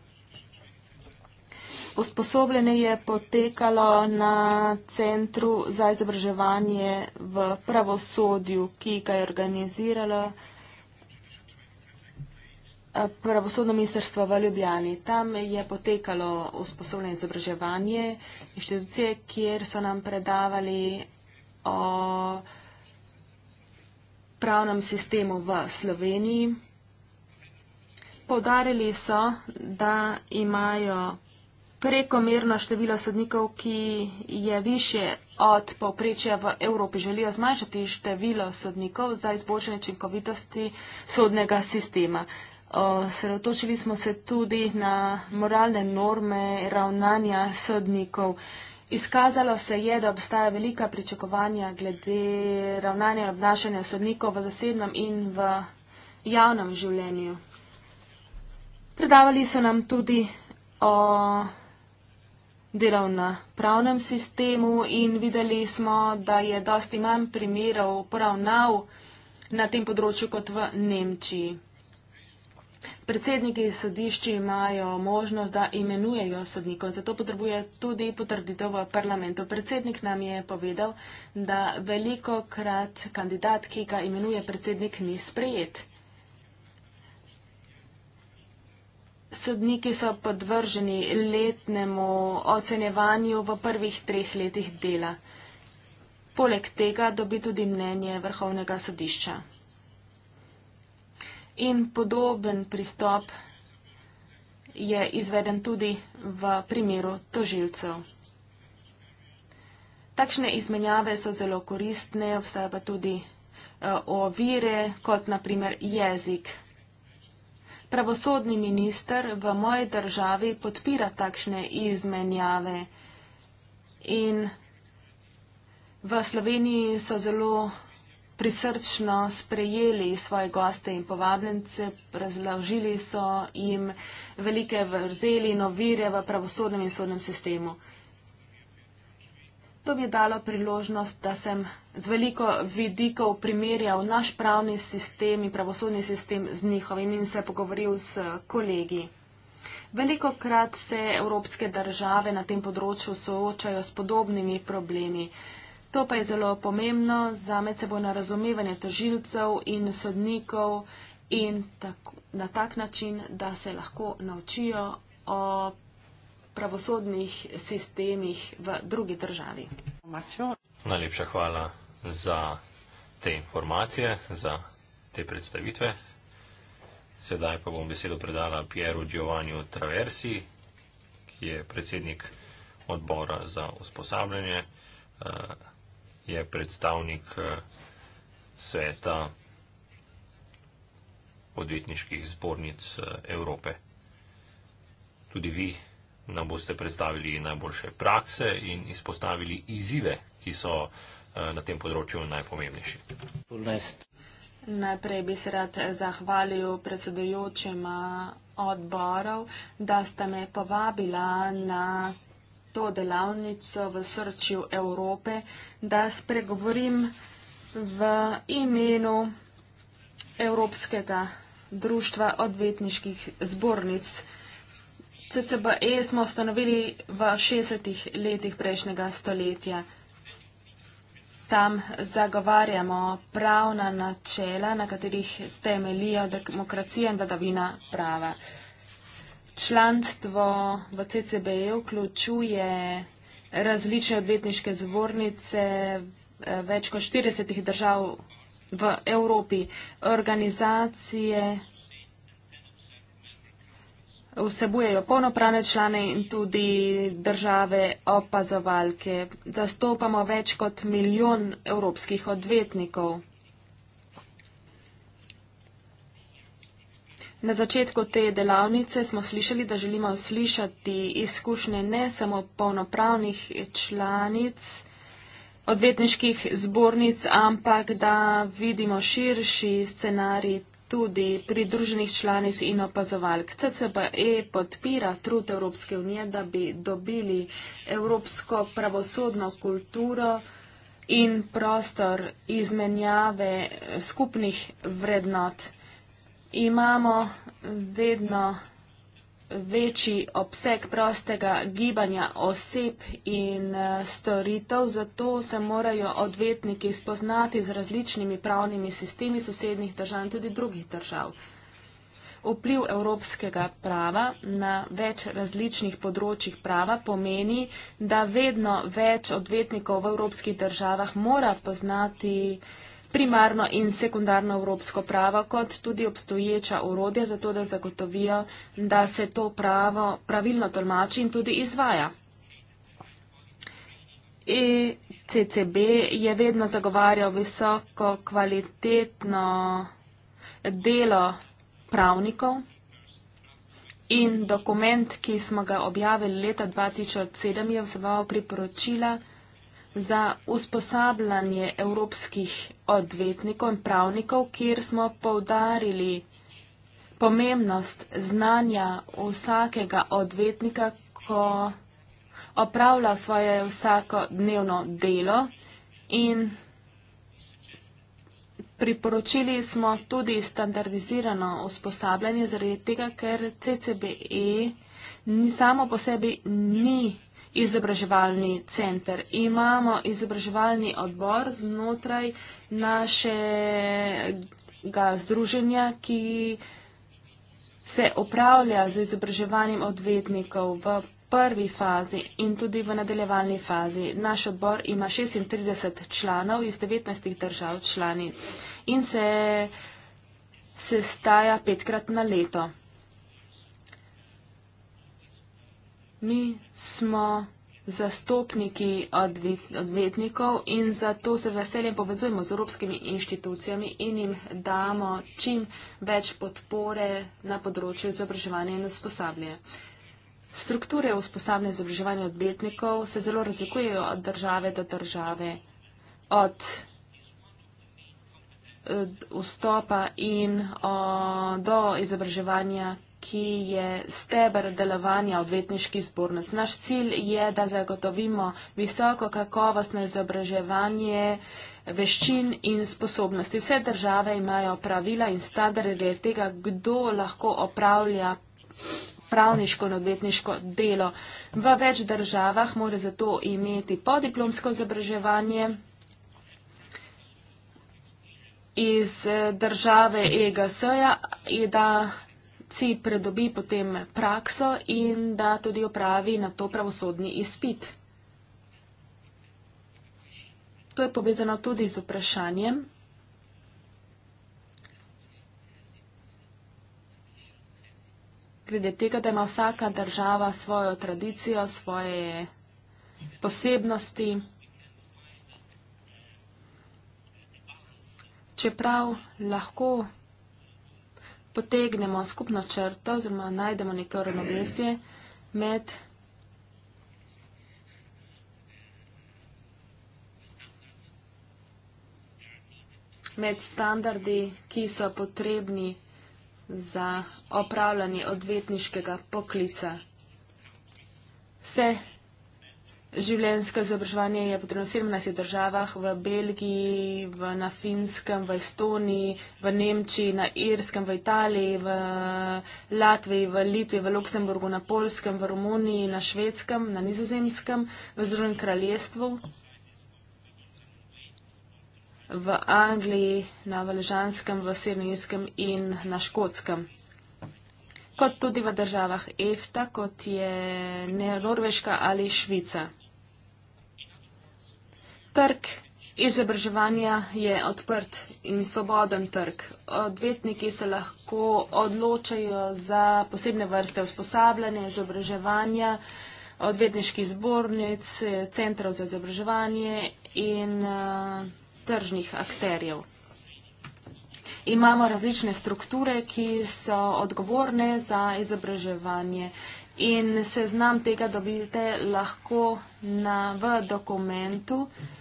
Usposobljene je potekalo na Centru za izobraževanje v pravosodju, ki ga je organiziralo. Eh, pravosodno ministrstvo v Ljubljani. Tam je potekalo usposobljeno izobraževanje inštitucije, kjer so nam predavali o pravnem sistemu v Sloveniji. Povdarili so, da imajo prekomerno število sodnikov, ki je više od povprečja v Evropi. Želijo zmanjšati število sodnikov za izboljšanje činkovitosti sodnega sistema. Osredotočili smo se tudi na moralne norme ravnanja sodnikov. Izkazalo se je, da obstaja velika pričakovanja glede ravnanja in obnašanja sodnikov v zasebnem in v javnem življenju. Predavali so nam tudi o delovna pravnem sistemu in videli smo, da je dosti manj primerov poravnav na tem področju kot v Nemčiji. Predsedniki sodišči imajo možnost, da imenujejo sodniko, zato potrebuje tudi potrditev v parlamentu. Predsednik nam je povedal, da veliko krat kandidat, ki ga imenuje predsednik, ni sprejet. Sodniki so podvrženi letnemu ocenevanju v prvih treh letih dela. Poleg tega dobi tudi mnenje vrhovnega sodišča. In podoben pristop je izveden tudi v primeru tožilcev. Takšne izmenjave so zelo koristne, obstaja pa tudi eh, ovire, kot naprimer jezik. Pravosodni minister v moji državi podpira takšne izmenjave in v Sloveniji so zelo prisrčno sprejeli svoje goste in povabljence, razložili so jim velike vrzeli in ovire v pravosodnem in sodnem sistemu. To mi je dalo priložnost, da sem z veliko vidikov primerjal naš pravni sistem in pravosodni sistem z njihovim in se pogovoril s kolegi. Veliko krat se evropske države na tem področju soočajo s podobnimi problemi. To pa je zelo pomembno za medsebojno razumevanje tožilcev in sodnikov in tako, na tak način, da se lahko naučijo o pravosodnih sistemih v drugi državi. Najlepša hvala za te informacije, za te predstavitve. Sedaj pa bom besedo predala Pieru Giovanniu Traversi, ki je predsednik odbora za usposabljanje. Uh, je predstavnik eh, sveta odvetniških zbornic eh, Evrope. Tudi vi nam boste predstavili najboljše prakse in izpostavili izzive, ki so eh, na tem področju najpomembnejši. Najprej bi se rad zahvalil predsedujočima odborov, da ste me povabila na to delavnico v srčju Evrope, da spregovorim v imenu Evropskega društva odvetniških zbornic. CCBE smo ustanovili v 60. letih prejšnjega stoletja. Tam zagovarjamo pravna načela, na katerih temelijo demokracija in vladavina prava. Članstvo v CCBE vključuje različne odvetniške zvornice eh, več kot 40 držav v Evropi. Organizacije vsebujejo polnopravne člane in tudi države opazovalke. Zastopamo več kot milijon evropskih odvetnikov. Na začetku te delavnice smo slišali, da želimo slišati izkušnje ne samo polnopravnih članic odvetniških zbornic, ampak da vidimo širši scenarij tudi pridruženih članic in opazovalk. CCBE podpira trud Evropske unije, da bi dobili evropsko pravosodno kulturo in prostor izmenjave skupnih vrednot imamo vedno večji obseg prostega gibanja oseb in eh, storitev, zato se morajo odvetniki spoznati z različnimi pravnimi sistemi sosednjih držav in tudi drugih držav. Vpliv evropskega prava na več različnih področjih prava pomeni, da vedno več odvetnikov v evropskih državah mora poznati primarno in sekundarno evropsko pravo, kot tudi obstoječa urodja za to, da zagotovijo, da se to pravo pravilno tolmači in tudi izvaja. ECCB je vedno zagovarjal visoko kvalitetno delo pravnikov in dokument, ki smo ga objavili leta 2007, je vzval priporočila za usposabljanje evropskih odvetnikov in pravnikov, kjer smo povdarili pomembnost znanja vsakega odvetnika, ko opravlja svoje vsako dnevno delo in priporočili smo tudi standardizirano usposabljanje zaradi tega, ker CCBE samo po sebi ni odvetnik izobraževalni center. Imamo izobraževalni odbor znotraj našega združenja, ki se upravlja z izobraževanjem odvetnikov v prvi fazi in tudi v nadaljevalni fazi. Naš odbor ima 36 članov iz 19 držav članic in se sestaja petkrat na leto. mi smo zastopniki odvetnikov in zato se veseljem povezujemo z evropskimi inštitucijami in jim damo čim več podpore na področju izobraževanja in usposabljanja. Strukture usposabljanja in izobraževanja odvetnikov se zelo razlikujejo od države do države, od eh, vstopa in do izobraževanja, ki je steber delovanja odvetniških zbornic. Naš cilj je, da zagotovimo visoko kakovostno izobraževanje veščin in sposobnosti. Vse države imajo pravila in standarde tega, kdo lahko opravlja pravniško in odvetniško delo. V več državah mora zato imeti podiplomsko izobraževanje iz eh, države EGS-ja, da si predobi potem prakso in da tudi opravi na to pravosodni izpit. To je povezano tudi z vprašanjem. Glede tega, da ima vsaka država svojo tradicijo, svoje posebnosti, čeprav lahko potegnemo skupno črto oziroma najdemo neke ravnovesje med med standardi, ki so potrebni za opravljanje odvetniškega poklica. Vse življenjsko izobraževanje je potrebno v 17 državah, v Belgiji, v, na Finskem, v Estoniji, v Nemčiji, na Irskem, v Italiji, v Latviji, v Litvi, v Luksemburgu, na Polskem, v Romuniji, na Švedskem, na Nizozemskem, v Združenem kraljestvu, v Angliji, na Valežanskem, v Sirnijskem in na Škotskem kot tudi v državah EFTA, kot je Norveška ali Švica trg izobraževanja je odprt in svoboden trg. Odvetniki se lahko odločajo za posebne vrste usposabljanja, izobraževanja, odvetniških zbornic, centrov za izobraževanje in uh, tržnih akterjev. Imamo različne strukture, ki so odgovorne za izobraževanje in seznam tega dobite lahko na, v dokumentu. Uh,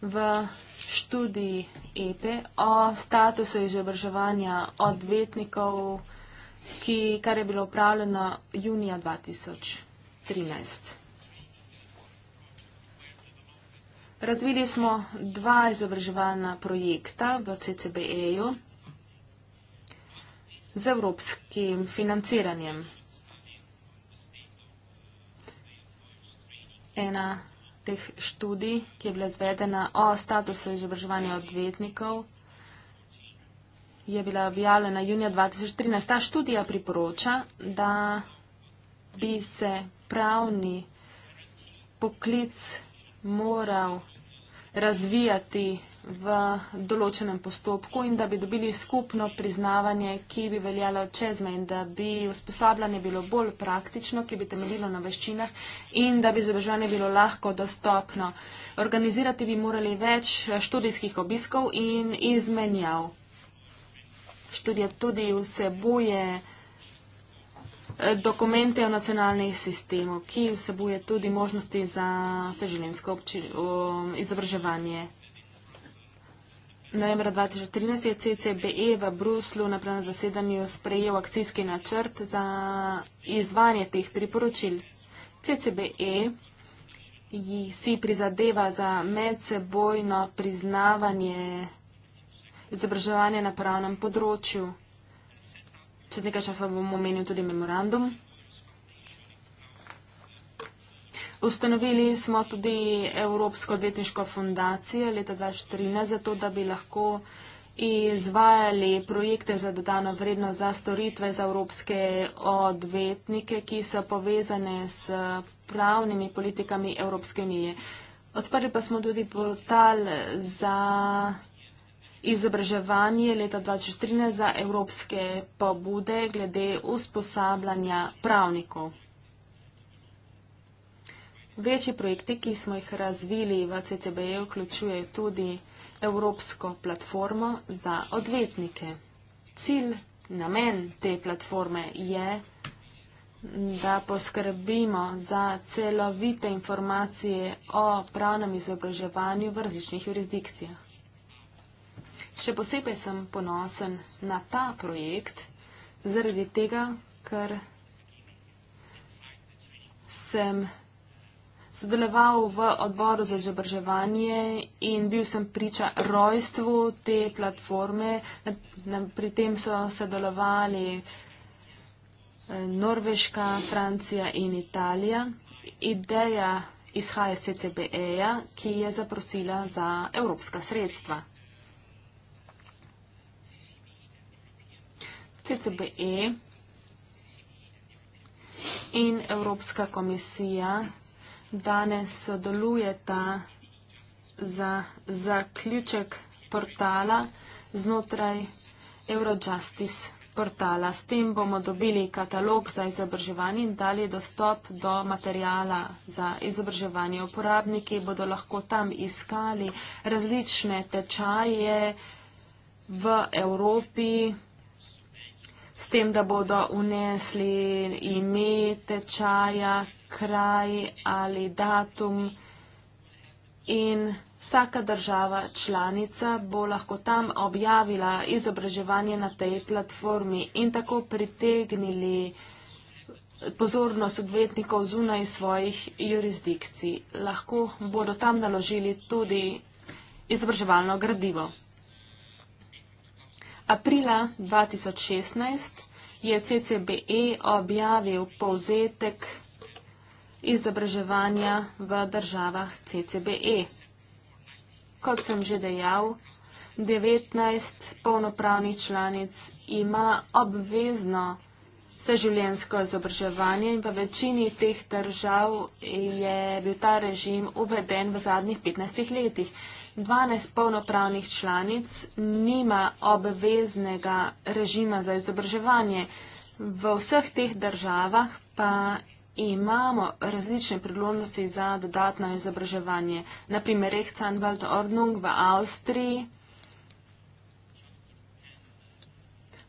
v študiji EPE o statusu izobraževanja odvetnikov, ki, kar je bilo upravljeno junija 2013. Razvili smo dva izobraževalna projekta v CCBE-ju z evropskim financiranjem. Ena teh študij, ki je bila izvedena o statusu izobraževanja odvetnikov, je bila objavljena junija 2013. Ta študija priporoča, da bi se pravni poklic moral razvijati v določenem postopku in da bi dobili skupno priznavanje, ki bi veljalo čezme in da bi usposabljanje bilo bolj praktično, ki bi temeljilo na veščinah in da bi izobraževanje bilo lahko dostopno. Organizirati bi morali več študijskih obiskov in izmenjav. Študija tudi vsebuje eh, dokumente o nacionalnih sistemov, ki vsebuje tudi možnosti za vseživljenjsko izobraževanje. Novembra 2013 je CCBE v Bruslu na prvem zasedanju sprejel akcijski načrt za izvanje teh priporočil. CCBE si prizadeva za medsebojno priznavanje izobraževanja na pravnem področju. Čez nekaj časa bom omenil tudi memorandum. Ustanovili smo tudi Evropsko odvetniško fundacijo leta 2014, zato da bi lahko izvajali projekte za dodano vredno za storitve za evropske odvetnike, ki so povezane s pravnimi politikami Evropske unije. Odprli pa smo tudi portal za izobraževanje leta 2013 za evropske pobude glede usposabljanja pravnikov. Večji projekti, ki smo jih razvili v CCBE, vključujejo tudi Evropsko platformo za odvetnike. Cilj, namen te platforme je, da poskrbimo za celovite informacije o pravnem izobraževanju v različnih jurisdikcijah. Še posebej sem ponosen na ta projekt zaradi tega, ker sem sodeloval v odboru za izobraževanje in bil sem priča rojstvu te platforme. Pri tem so sodelovali eh, Norveška, Francija in Italija. Ideja izhaja iz CCBE-ja, ki je zaprosila za evropska sredstva. CCBE in Evropska komisija danes sodelujeta za zaključek portala znotraj Eurojustice portala. S tem bomo dobili katalog za izobraževanje in dali dostop do materijala za izobraževanje. Uporabniki bodo lahko tam iskali različne tečaje v Evropi, s tem, da bodo unesli ime tečaja, kraj ali datum in vsaka država članica bo lahko tam objavila izobraževanje na tej platformi in tako pritegnili pozornost odvetnikov zunaj svojih jurisdikcij. Lahko bodo tam naložili tudi izobraževalno gradivo. Aprila 2016 je CCBE objavil povzetek izobraževanja v državah CCBE. Kot sem že dejal, 19 polnopravnih članic ima obvezno vseživljenjsko izobraževanje in v večini teh držav je bil ta režim uveden v zadnjih 15 letih. 12 polnopravnih članic nima obveznega režima za izobraževanje. V vseh teh državah pa imamo različne priložnosti za dodatno izobraževanje. Naprimer, Rechtsanwalt Ordnung v Avstriji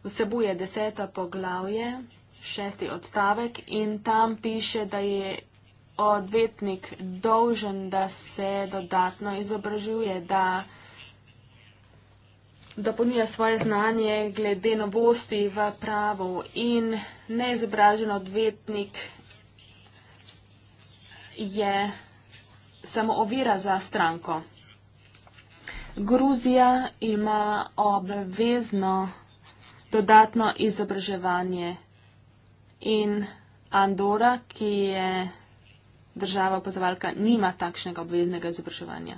vsebuje deseto poglavje, šesti odstavek in tam piše, da je odvetnik dolžen, da se dodatno izobražuje, da dopolnjuje svoje znanje glede novosti v pravu in neizobražen odvetnik je samo ovira za stranko. Gruzija ima obvezno dodatno izobraževanje in Andora, ki je država pozvalka, nima takšnega obveznega izobraževanja.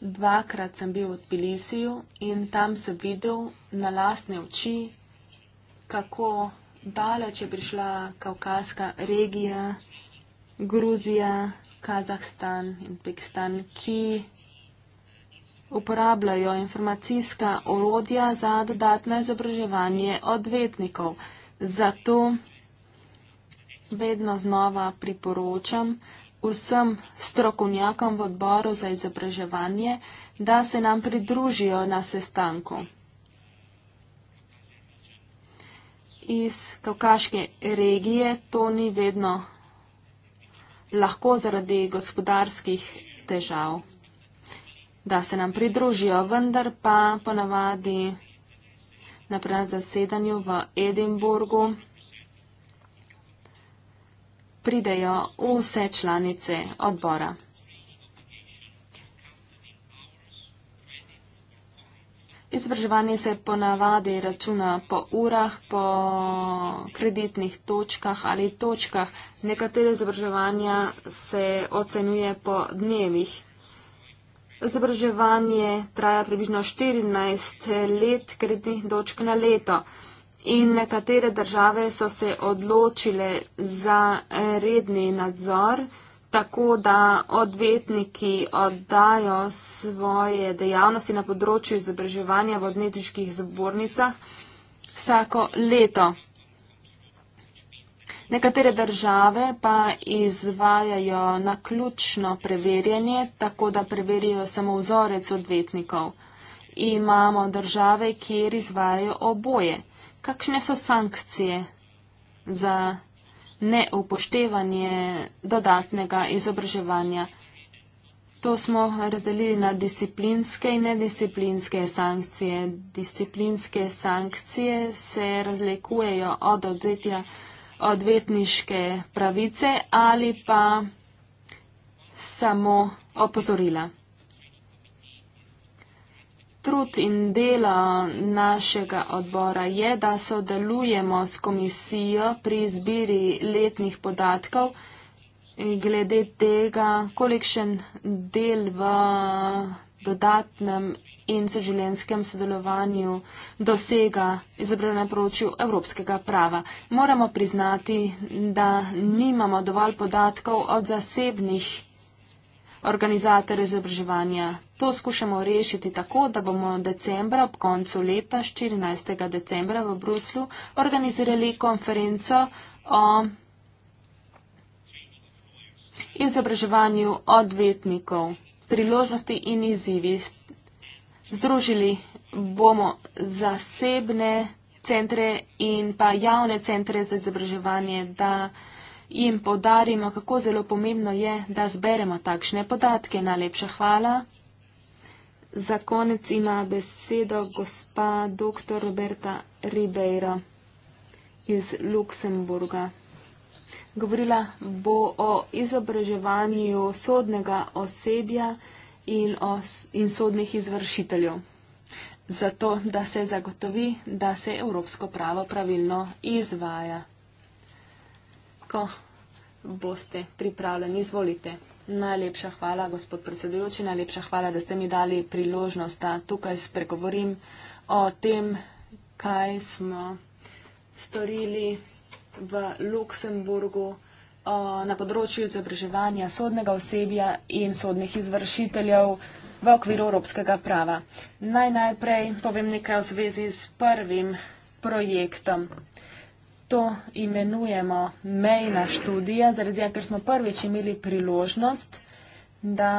Dvakrat sem bil v Tbilisiju in tam sem videl na lastne oči, kako daleč je prišla kavkarska regija. Gruzija, Kazahstan in Pekistan, ki uporabljajo informacijska orodja za dodatno izobraževanje odvetnikov. Zato vedno znova priporočam vsem strokovnjakom v odboru za izobraževanje, da se nam pridružijo na sestanku. Iz kavkaške regije to ni vedno lahko zaradi gospodarskih težav, da se nam pridružijo, vendar pa ponavadi naprej zasedanju v Edinburgu pridejo vse članice odbora. Izvrževanje se po navadi računa po urah, po kreditnih točkah ali točkah. Nekatere izvrževanja se ocenuje po dnevih. Izvrževanje traja približno 14 let kreditnih točk na leto. In nekatere države so se odločile za redni nadzor tako da odvetniki oddajo svoje dejavnosti na področju izobraževanja v odvetniških zbornicah vsako leto. Nekatere države pa izvajajo naključno preverjanje, tako da preverijo samo vzorec odvetnikov. Imamo države, kjer izvajajo oboje. Kakšne so sankcije za odvetnike? neupoštevanje dodatnega izobraževanja. To smo razdelili na disciplinske in nedisciplinske sankcije. Disciplinske sankcije se razlikujejo od odzetja odvetniške pravice ali pa samo opozorila trud in delo našega odbora je, da sodelujemo s komisijo pri izbiri letnih podatkov glede tega, kolikšen del v dodatnem in seživljenskem sodelovanju dosega izobraževanje na področju evropskega prava. Moramo priznati, da nimamo dovolj podatkov od zasebnih organizator izobraževanja. To skušamo rešiti tako, da bomo decembra ob koncu leta, 14. decembra v Bruslu, organizirali konferenco o izobraževanju odvetnikov, priložnosti in izzivi. Združili bomo zasebne centre in pa javne centre za izobraževanje, da in podarimo, kako zelo pomembno je, da zberemo takšne podatke. Najlepša hvala. Za konec ima besedo gospa dr. Roberta Ribeiro iz Luksemburga. Govorila bo o izobraževanju sodnega osebja in, o, in sodnih izvršiteljev, zato da se zagotovi, da se evropsko pravo pravilno izvaja kratko boste pripravljeni. Izvolite. Najlepša hvala, gospod predsedujoči, najlepša hvala, da ste mi dali priložnost, da tukaj spregovorim o tem, kaj smo storili v Luksemburgu o, na področju izobraževanja sodnega osebja in sodnih izvršiteljev v okviru evropskega prava. Naj najprej povem nekaj v zvezi s prvim projektom, to imenujemo mejna študija, zaradi tega, ker smo prvič imeli priložnost, da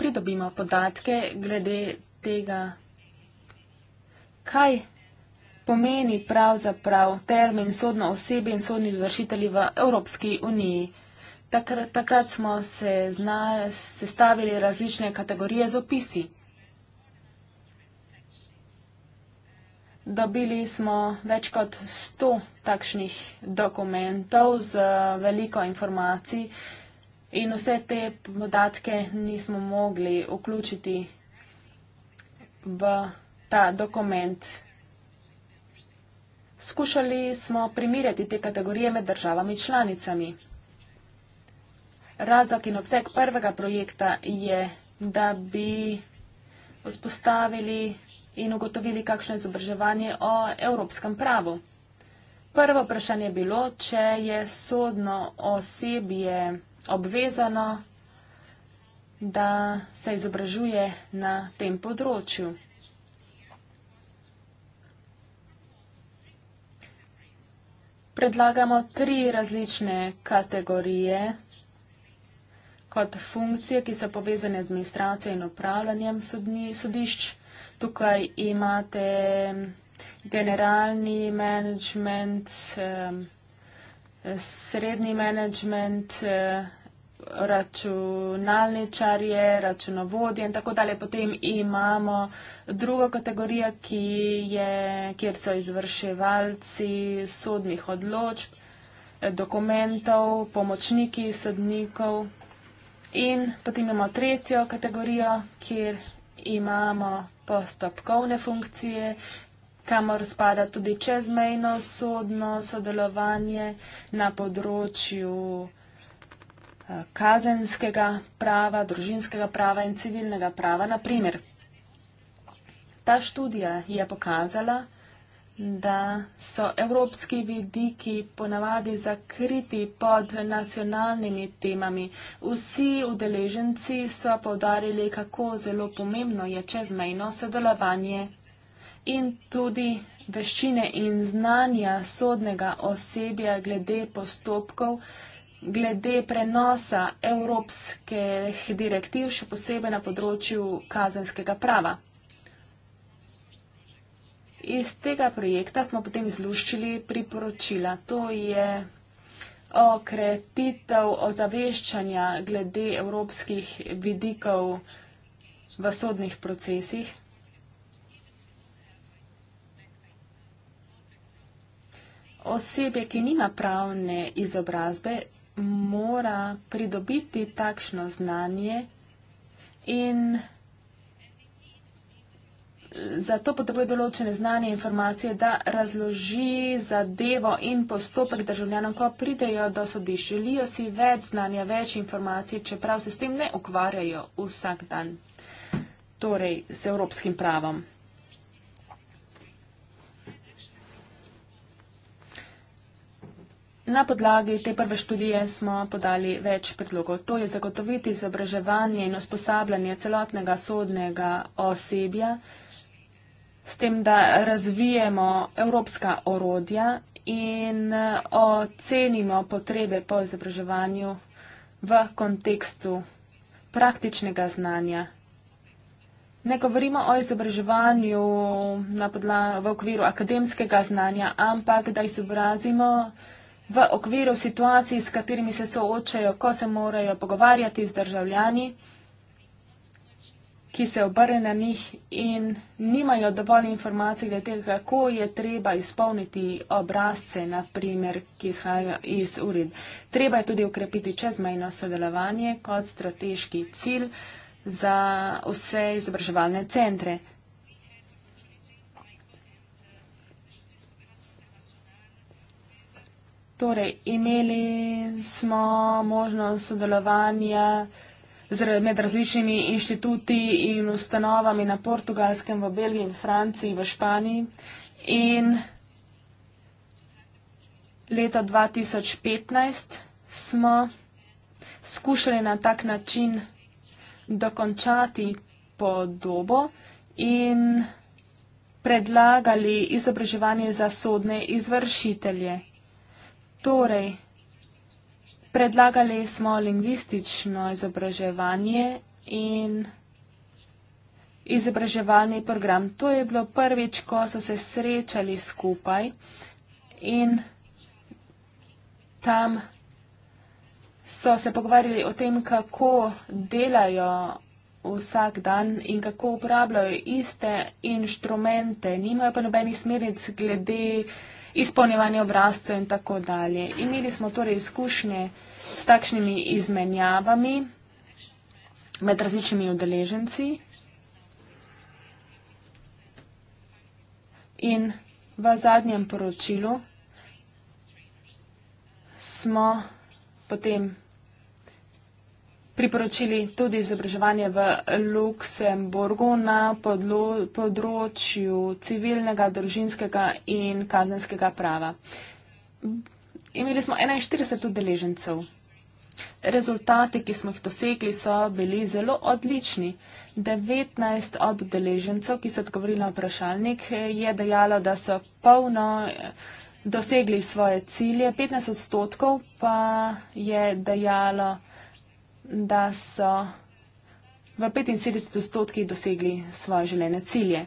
pridobimo podatke glede tega, kaj pomeni pravzaprav termin sodno osebi in sodni izvršiteli v Evropski uniji. Takrat, takrat smo se sestavili različne kategorije z opisi. Dobili smo več kot 100 takšnih dokumentov z veliko informacij in vse te podatke nismo mogli vključiti v ta dokument. Skušali smo primirjati te kategorije med državami članicami. Razlog in obseg prvega projekta je, da bi vzpostavili in ugotovili kakšno izobraževanje o evropskem pravu. Prvo vprašanje je bilo, če je sodno osebje obvezano, da se izobražuje na tem področju. Predlagamo tri različne kategorije kot funkcije, ki so povezane z administracijo in upravljanjem sodišča. Tukaj imate generalni management, srednji management, eh, računalničarje, računovodje in tako dalje. Potem imamo drugo kategorijo, ki je, kjer so izvrševalci sodnih odločb, eh, dokumentov, pomočniki sodnikov. In potem imamo tretjo kategorijo, kjer imamo postopkovne funkcije, kamor spada tudi čezmejno sodno sodelovanje na področju eh, kazenskega prava, družinskega prava in civilnega prava. Naprimer, ta študija je pokazala, da so evropski vidiki ponavadi zakriti pod nacionalnimi temami. Vsi udeleženci so povdarili, kako zelo pomembno je čezmejno sodelovanje in tudi veščine in znanja sodnega osebja glede postopkov, glede prenosa evropskih direktiv, še posebej na področju kazenskega prava. Iz tega projekta smo potem izluščili priporočila. To je okrepitev ozaveščanja glede evropskih vidikov v sodnih procesih. Osebe, ki nima pravne izobrazbe, mora pridobiti takšno znanje in vsega, za to potrebuje določene znanje in informacije, da razloži zadevo in postopek državljanom, ko pridejo do sodišča. Želijo si več znanja, več informacij, čeprav se s tem ne ukvarjajo vsak dan, torej z evropskim pravom. Na podlagi te prve študije smo podali več predlogov. To je zagotoviti izobraževanje in usposabljanje celotnega sodnega osebja s tem, da razvijemo evropska orodja in eh, ocenimo potrebe po izobraževanju v kontekstu praktičnega znanja. Ne govorimo o izobraževanju v okviru akademskega znanja, ampak da izobrazimo v okviru situacij, s katerimi se soočajo, ko se morajo pogovarjati z državljani ki se obrne na njih in nimajo dovolj informacij glede tega, kako je treba izpolniti obrazce, naprimer, ki izhajajo iz ured. Treba je tudi ukrepiti čezmejno sodelovanje kot strateški cilj za vse izobraževalne centre. Torej, imeli smo možnost sodelovanja med različnimi inštituti in ustanovami na Portugalskem, v Belgiji, v Franciji, v Španiji. In leta 2015 smo skušali na tak način dokončati podobo in predlagali izobraževanje za sodne izvršitelje. Torej, predlagali smo lingvistično izobraževanje in izobraževalni program. To je bilo prvič, ko so se srečali skupaj in tam so se pogovarjali o tem, kako delajo vsak dan in kako uporabljajo iste inštrumente. Nimajo pa nobenih smernic glede uh, izpolnjevanje obrazcev in tako dalje. Imeli smo torej izkušnje s takšnimi izmenjavami med različnimi udeleženci in v zadnjem poročilu smo potem priporočili tudi izobraževanje v Luksemburgu na podlo, področju civilnega, družinskega in kazenskega prava. Imeli smo 41 udeležencev. Rezultati, ki smo jih dosegli, so bili zelo odlični. 19 od udeležencev, ki so odgovorili na vprašalnik, je dejalo, da so polno eh, dosegli svoje cilje, 15 odstotkov pa je dejalo, da so v 75 odstotkih dosegli svoje želene cilje.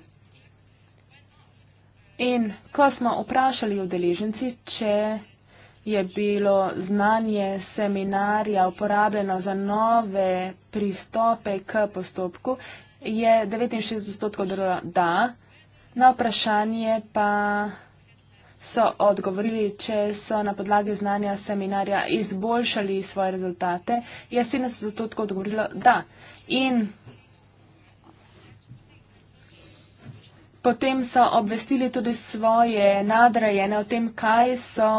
In ko smo vprašali udeleženci, če je bilo znanje seminarja uporabljeno za nove pristope k postopku, je 69 odstotkov da, na vprašanje pa so odgovorili, če so na podlagi znanja seminarja izboljšali svoje rezultate. Jaz sem se zato tako odgovorila, da. In potem so obvestili tudi svoje nadrejene o tem, kaj so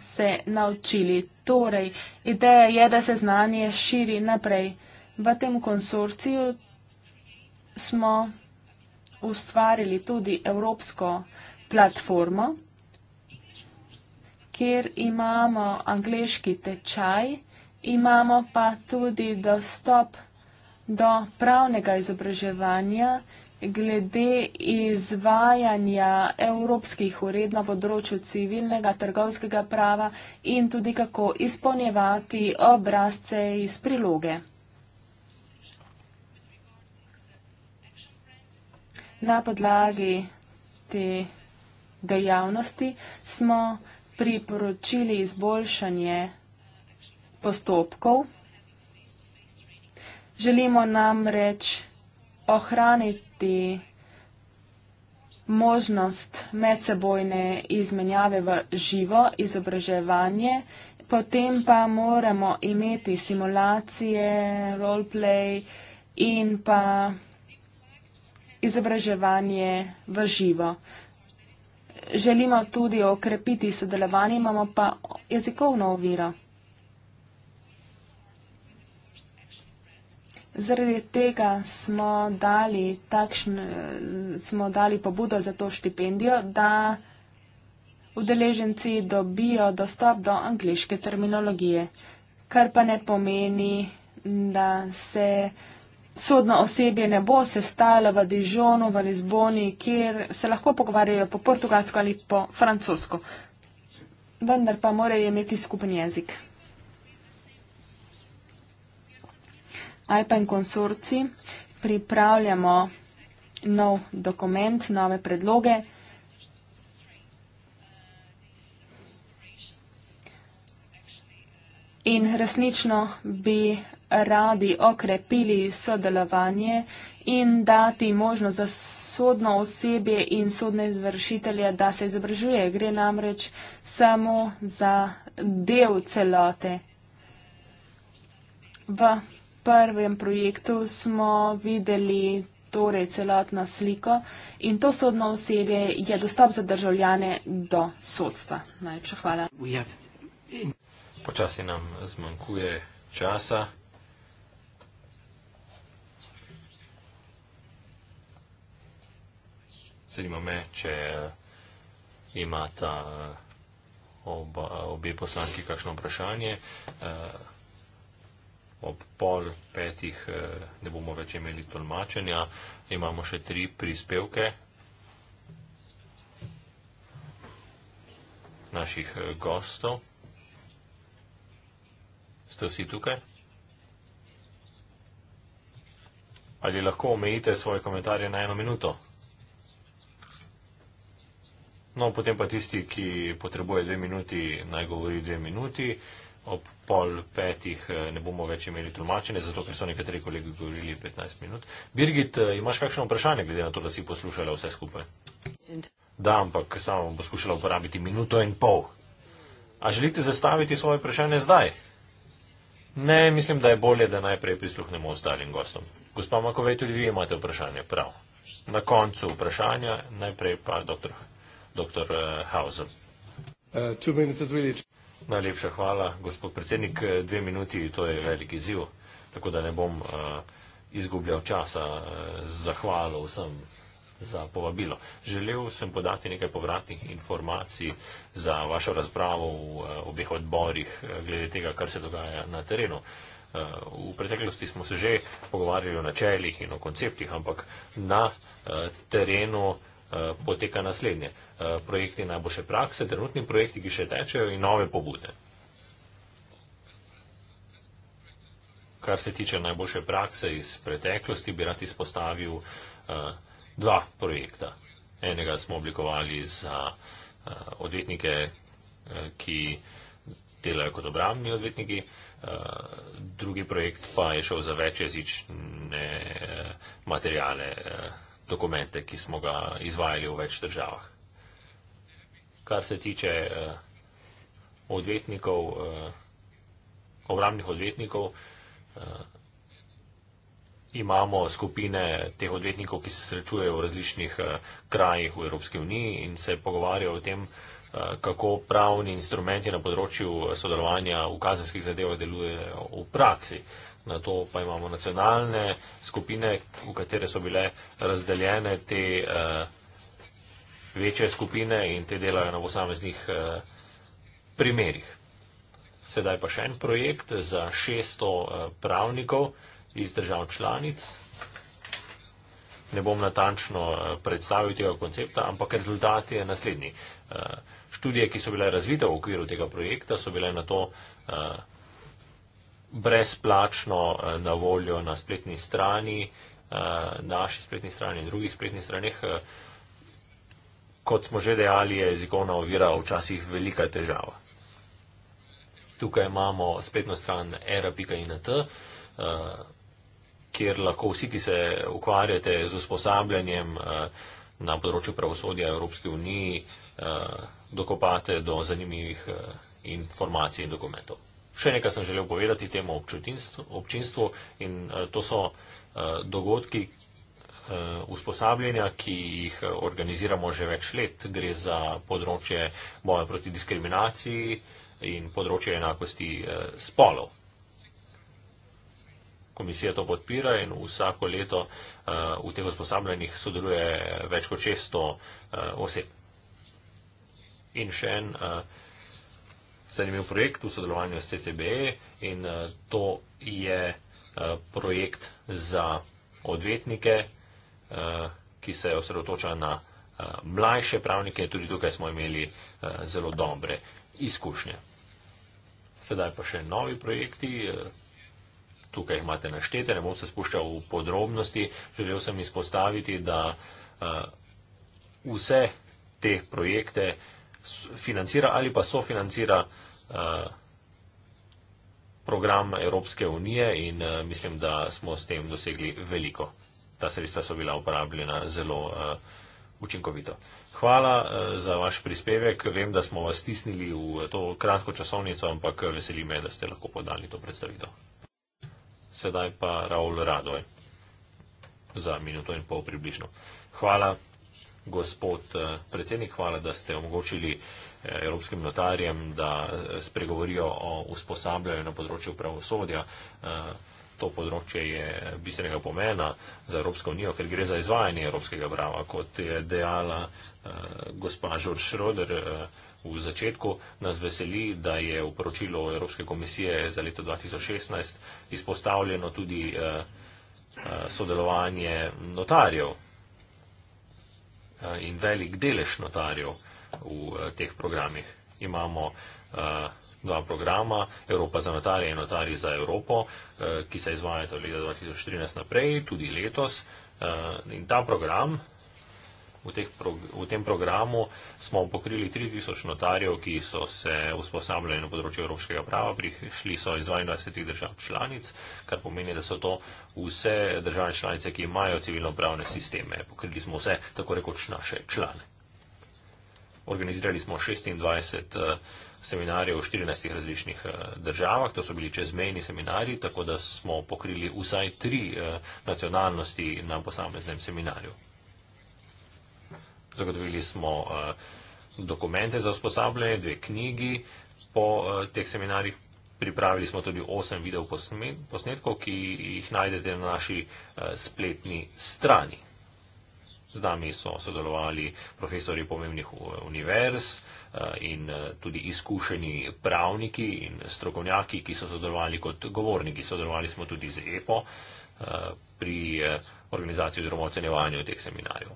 se naučili. Torej, ideja je, da se znanje širi naprej. V tem konsorciju smo ustvarili tudi evropsko platformo kjer imamo angliški tečaj, imamo pa tudi dostop do pravnega izobraževanja glede izvajanja evropskih ured na področju civilnega, trgovskega prava in tudi kako izpolnjevati obrazce iz priloge. Na podlagi te dejavnosti smo izpolnjevali priporočili izboljšanje postopkov. Želimo namreč ohraniti možnost medsebojne izmenjave v živo izobraževanje, potem pa moramo imeti simulacije, roleplay in pa izobraževanje v živo želimo tudi okrepiti sodelovanje, imamo pa jezikovno oviro. Zaradi tega smo dali, takšn, smo dali pobudo za to štipendijo, da udeleženci dobijo dostop do angliške terminologije, kar pa ne pomeni, da se sodno osebje ne bo sestalo v Dižonu, v Lizboni, kjer se lahko pogovarjajo po portugalsko ali po francosko. Vendar pa morajo imeti skupen jezik. iPen konsorci pripravljamo nov dokument, nove predloge. In resnično bi radi okrepili sodelovanje in dati možnost za sodno osebje in sodne izvršitelje, da se izobražuje. Gre namreč samo za del celote. V prvem projektu smo videli torej celotno sliko in to sodno osebje je dostop za državljane do sodstva. Najlepša hvala. Počasi nam zmanjkuje časa. zanima me, če eh, imata eh, oba, eh, obe poslanki kakšno vprašanje. Ob pol petih ne bomo več imeli tolmačenja. Imamo še tri prispevke naših gostov. Ste vsi tukaj? Ali lahko omejite svoje komentarje na eno minuto? No, potem pa tisti, ki potrebuje dve minuti, naj govori dve minuti. Ob pol petih eh, ne bomo več imeli tolmačenja, zato ker so nekateri kolegi govorili 15 minut. Birgit, eh, imaš kakšno vprašanje, glede na to, da si poslušala vse skupaj? Da, ampak samo bom poskušala uporabiti minuto in pol. A želite zastaviti svoje vprašanje zdaj? Ne, mislim, da je bolje, da najprej prisluhnemo ostalim gostom. Gospa Makovej, tudi vi imate vprašanje, prav. Na koncu vprašanja, najprej pa doktor dr. Eh, Hausen. Eh, Najlepša hvala, gospod predsednik. Eh, dve minuti, to je velik izziv, tako da ne bom izgubljal časa z zahvalo vsem za povabilo. Želel sem podati nekaj povratnih informacij za vašo razpravo v obeh odborih glede tega, kar se dogaja na terenu. V preteklosti smo se že pogovarjali o načeljih in o konceptih, ampak na terenu Eh, poteka naslednje. Eh, projekti najboljše prakse, trenutni projekti, ki še tečejo in nove pobude. Kar se tiče najboljše prakse iz preteklosti, bi rad izpostavil eh, dva projekta. Enega smo oblikovali za odvetnike, ki delajo kot obramni odvetniki, drugi projekt pa je šel za večjezične materijale dokumente, ki smo ga izvajali v več državah. Kar se tiče eh, odvetnikov, eh, obramnih odvetnikov, eh, imamo skupine teh odvetnikov, ki se srečujejo v različnih eh, krajih v Evropski uniji in se pogovarjajo o tem, eh, kako pravni instrumenti na področju eh, sodelovanja v kazenskih zadevah delujejo v praksi. Eh, na to pa imamo nacionalne skupine, v katere so bile razdeljene te uh, večje skupine in te delajo na posameznih uh, eh, primerjih. Sedaj pa še en projekt za 600 eh, pravnikov iz držav članic. Ne bom natančno predstavil tega koncepta, ampak rezultat je naslednji. Študije, ki so bile razvite v okviru tega projekta, so bile na to brezplačno eh, na voljo na spletni strani, eh, naši spletni strani in drugih spletnih straneh. Eh, kot smo že dejali, je jezikovna ovira včasih velika težava. Tukaj imamo spletno stran era.int, kjer lahko vsi, ki se ukvarjate z usposabljanjem na področju pravosodja Evropske unije, dokopate do zanimivih informacij in dokumentov. Še nekaj sem želel povedati temu občinstvu in eh, to so eh, dogodki eh, usposabljanja, ki jih organiziramo že več let. Gre za področje boja proti diskriminaciji in področje enakosti spolov. Komisija to podpira in vsako leto v teh usposabljanjih sodeluje več kot 600 oseb. In še en vsega sem imel projekt v sodelovanju s CCBE in eh, to je eh, projekt za odvetnike, eh, ki se osredotoča na mlajše pravnike. Tudi tukaj smo imeli zelo dobre izkušnje. Sedaj pa še novi projekti. Tukaj jih imate naštete, ne bom se spuščal v podrobnosti. Želel sem izpostaviti, da vse te projekte financira ali pa sofinancira eh, program Evropske unije in eh, mislim, da smo s tem dosegli veliko. Ta sredstva so bila uporabljena zelo eh, učinkovito. Hvala za vaš prispevek. Vem, da smo vas stisnili v to kratko časovnico, ampak veseli me, da ste lahko podali to predstavitev. Sedaj pa Raul Radoj za minuto in pol približno. Hvala. Gospod eh, predsednik, hvala, da ste omogočili eh, evropskim notarjem, da eh, spregovorijo o usposabljanju na področju pravosodja. To področje je bistvenega pomena za Evropsko unijo, ker gre za izvajanje evropskega prava, kot je dejala gospa Žorž Šroder. V začetku nas veseli, da je v poročilu Evropske komisije za leto 2016 izpostavljeno tudi sodelovanje notarjev Eh, in velik delež notarjev v eh, teh programih. Imamo eh, dva programa, Evropa za notarje in notarji za Evropo, ki se izvajata od leta 2013 naprej, tudi letos. In ta program, V, teh, v tem programu smo pokrili 3000 notarjev, ki so se usposabljali na področju evropskega prava, prišli so iz 22 držav članic, kar pomeni, da so to vse države članice, ki imajo civilno-pravne sisteme. Pokrili smo vse, tako rekoč, naše člane. Organizirali smo 26 eh, seminarjev v 14 različnih eh, državah, to so bili čezmejni seminarji, tako da smo pokrili vsaj tri eh, nacionalnosti na posameznem seminarju. Zagotovili smo eh, dokumente za usposabljanje, dve knjigi po eh, teh seminarjih. Pripravili smo tudi osem video posnetkov, ki jih najdete na naši eh, spletni strani. Z nami so sodelovali profesori pomembnih univerz in tudi izkušeni pravniki in strokovnjaki, ki so sodelovali kot govorniki. Sodelovali smo tudi z EPO pri organizaciji oziroma ocenjevanju teh seminarjev.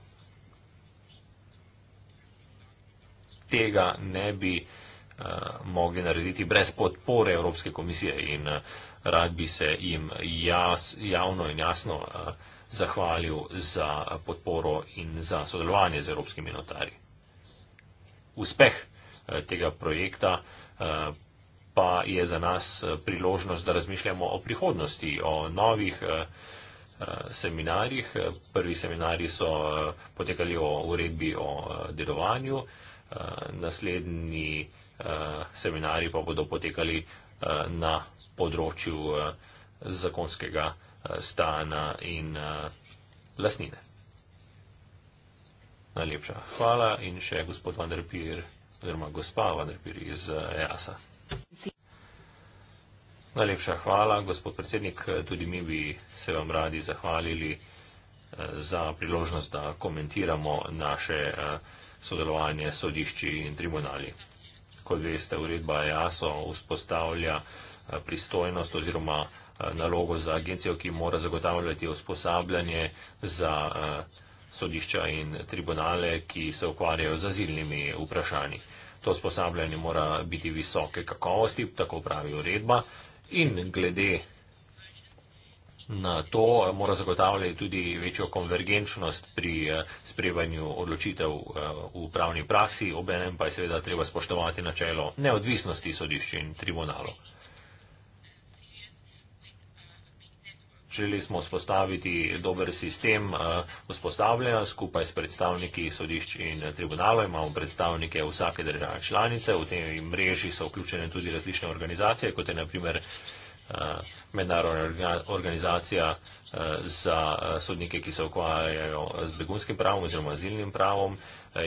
tega ne bi eh, mogli narediti brez podpore Evropske komisije in eh, rad bi se jim jas, javno in jasno eh, zahvalil za podporo in za sodelovanje z Evropskimi notarji. Uspeh tega projekta pa je za nas priložnost, da razmišljamo o prihodnosti, o novih seminarjih. Prvi seminarji so potekali o uredbi o dedovanju. Eh, naslednji eh, seminari pa bodo potekali eh, na področju zakonskega stana in lasnine. Najlepša hvala in še gospod Vanderpir, oziroma gospa Vanderpir iz EASA. E Najlepša hvala, gospod predsednik. Tudi mi bi se vam radi zahvalili za priložnost, da komentiramo naše uh, sodelovanje sodišči in tribunali. Kot veste, uredba JASO vzpostavlja eh, pristojnost oziroma eh, nalogo za agencijo, ki mora zagotavljati usposabljanje za eh, sodišča in tribunale, ki se ukvarjajo z azilnimi vprašanji. To usposabljanje mora biti visoke kakovosti, tako pravi uredba. In glede na to, mora zagotavljati tudi večjo konvergenčnost pri eh, sprejemanju odločitev eh, v pravni praksi, obenem pa je seveda treba spoštovati načelo neodvisnosti sodišč in tribunalov. Želeli smo spostaviti dober sistem eh, vzpostavljanja skupaj s predstavniki sodišč in tribunalov. Imamo predstavnike vsake države članice, v tej mreži so vključene tudi različne organizacije, kot je naprimer Eh, mednarodna organizacija eh, za eh, sodnike, ki se ukvarjajo z begunskim pravom oziroma azilnim pravom.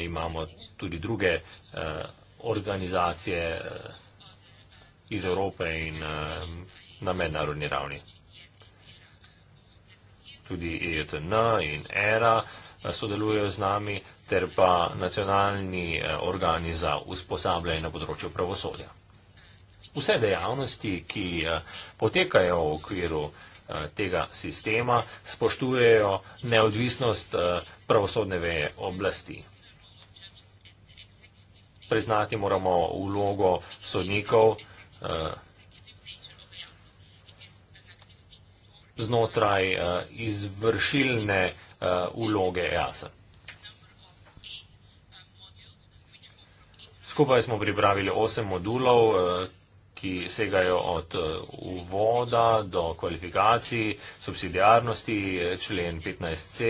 Imamo tudi druge organizacije iz Evrope in na mednarodni ravni. Tudi ETN in ERA sodelujejo z nami, ter pa nacionalni organi za usposabljanje na področju pravosodja vse dejavnosti, ki eh, potekajo v okviru eh, tega sistema, spoštujejo neodvisnost eh, pravosodne veje oblasti. Priznati moramo vlogo sodnikov znotraj izvršilne vloge EASA. Skupaj smo pripravili osem modulov, ki segajo od eh, uvoda do kvalifikacij, subsidijarnosti, člen 15c,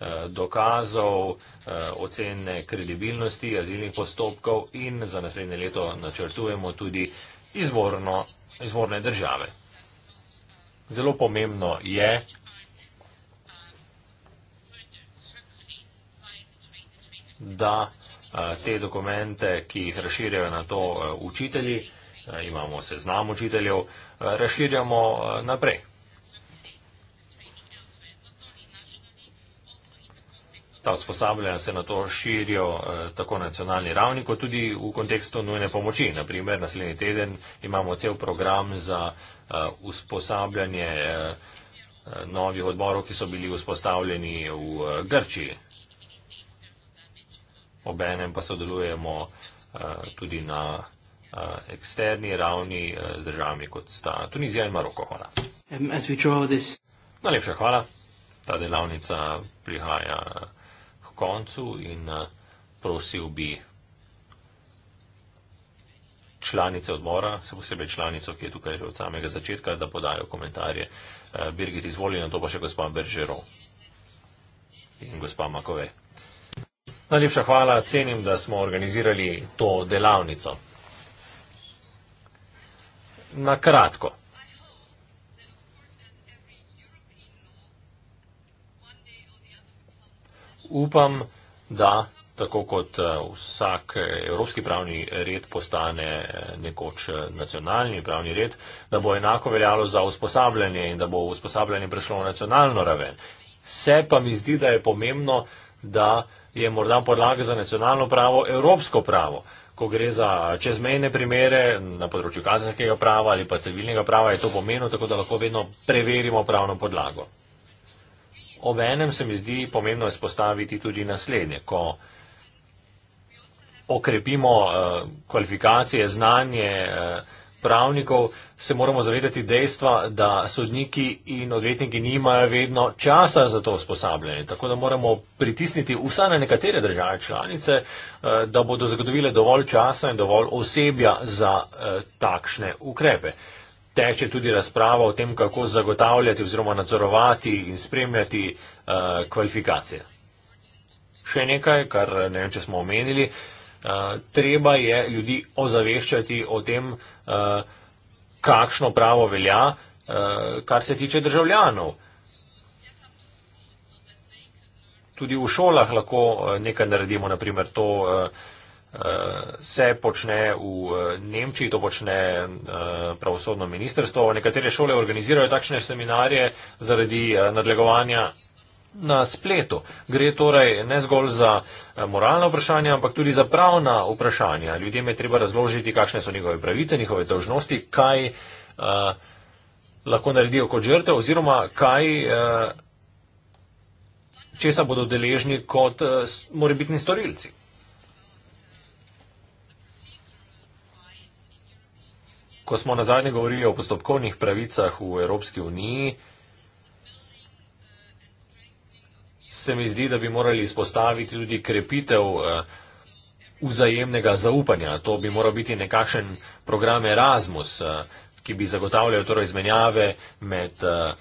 eh, dokazov, eh, ocene kredibilnosti azilnih postopkov in za naslednje leto načrtujemo tudi izvorno, izvorne države. Zelo pomembno je, da te dokumente, ki jih razširjajo na to učitelji, Eh, imamo seznam učiteljev, eh, razširjamo eh, naprej. Ta usposabljanja se na to širijo eh, tako na nacionalni ravni, kot tudi v kontekstu nujne pomoči. Naprimer, naslednji teden imamo cel program za eh, usposabljanje eh, novih odborov, ki so bili vzpostavljeni v eh, Grčiji. Obenem pa sodelujemo eh, tudi na Eh, eksterni ravni eh, z državami, kot sta Tunizija in Maroko. Hvala. Um, this... Najlepša hvala. Ta delavnica prihaja k koncu in eh, prosil bi članice odbora, se posebej članico, ki je tukaj že od samega začetka, da podajo komentarje. Birgit, izvoli, na to pa še gospa Beržero in gospa Makove. Najlepša hvala, cenim, da smo organizirali to delavnico na kratko. Upam, da tako kot eh, vsak evropski pravni red postane eh, nekoč eh, nacionalni pravni red, da bo enako veljalo za usposabljanje in da bo usposabljanje prišlo v nacionalno raven. Se pa mi zdi, da je pomembno, da je morda podlaga za nacionalno pravo evropsko pravo ko gre za čezmejne primere na področju kazenskega prava ali pa civilnega prava, je to pomenu, tako da lahko vedno preverimo pravno podlago. Obenem se mi zdi pomembno izpostaviti tudi naslednje. Ko okrepimo uh, kvalifikacije, znanje, uh, pravnikov se moramo zavedati dejstva, da sodniki in odvetniki nimajo vedno časa za to usposabljanje. Tako da moramo pritisniti vsa na nekatere države članice, eh, da bodo zagotovile dovolj časa in dovolj osebja za eh, takšne ukrepe. Teče tudi razprava o tem, kako zagotavljati oziroma nadzorovati in spremljati eh, kvalifikacije. Še nekaj, kar ne vem, če smo omenili. Uh, treba je ljudi ozaveščati o tem, uh, Eh, kakšno pravo velja, eh, kar se tiče državljanov. Tudi v šolah lahko eh, nekaj naredimo, naprimer to se počne v Nemčiji, to počne pravosodno ministrstvo. Nekatere šole organizirajo takšne seminarje zaradi nadlegovanja na spletu. Gre torej ne zgolj za eh, moralna vprašanja, ampak tudi za pravna vprašanja. Ljudem je treba razložiti, kakšne so njihove pravice, njihove dožnosti, kaj uh, lahko naredijo kot žrtev oziroma kaj. Uh, Česa bodo deležni kot uh, morebitni storilci? Ko smo na zadnje govorili o postopkovnih pravicah v Evropski uniji, uh, se mi zdi, da bi morali izpostaviti tudi krepitev eh, vzajemnega zaupanja. To bi moral biti nekakšen program Erasmus, eh, ki bi zagotavljal torej izmenjave med eh,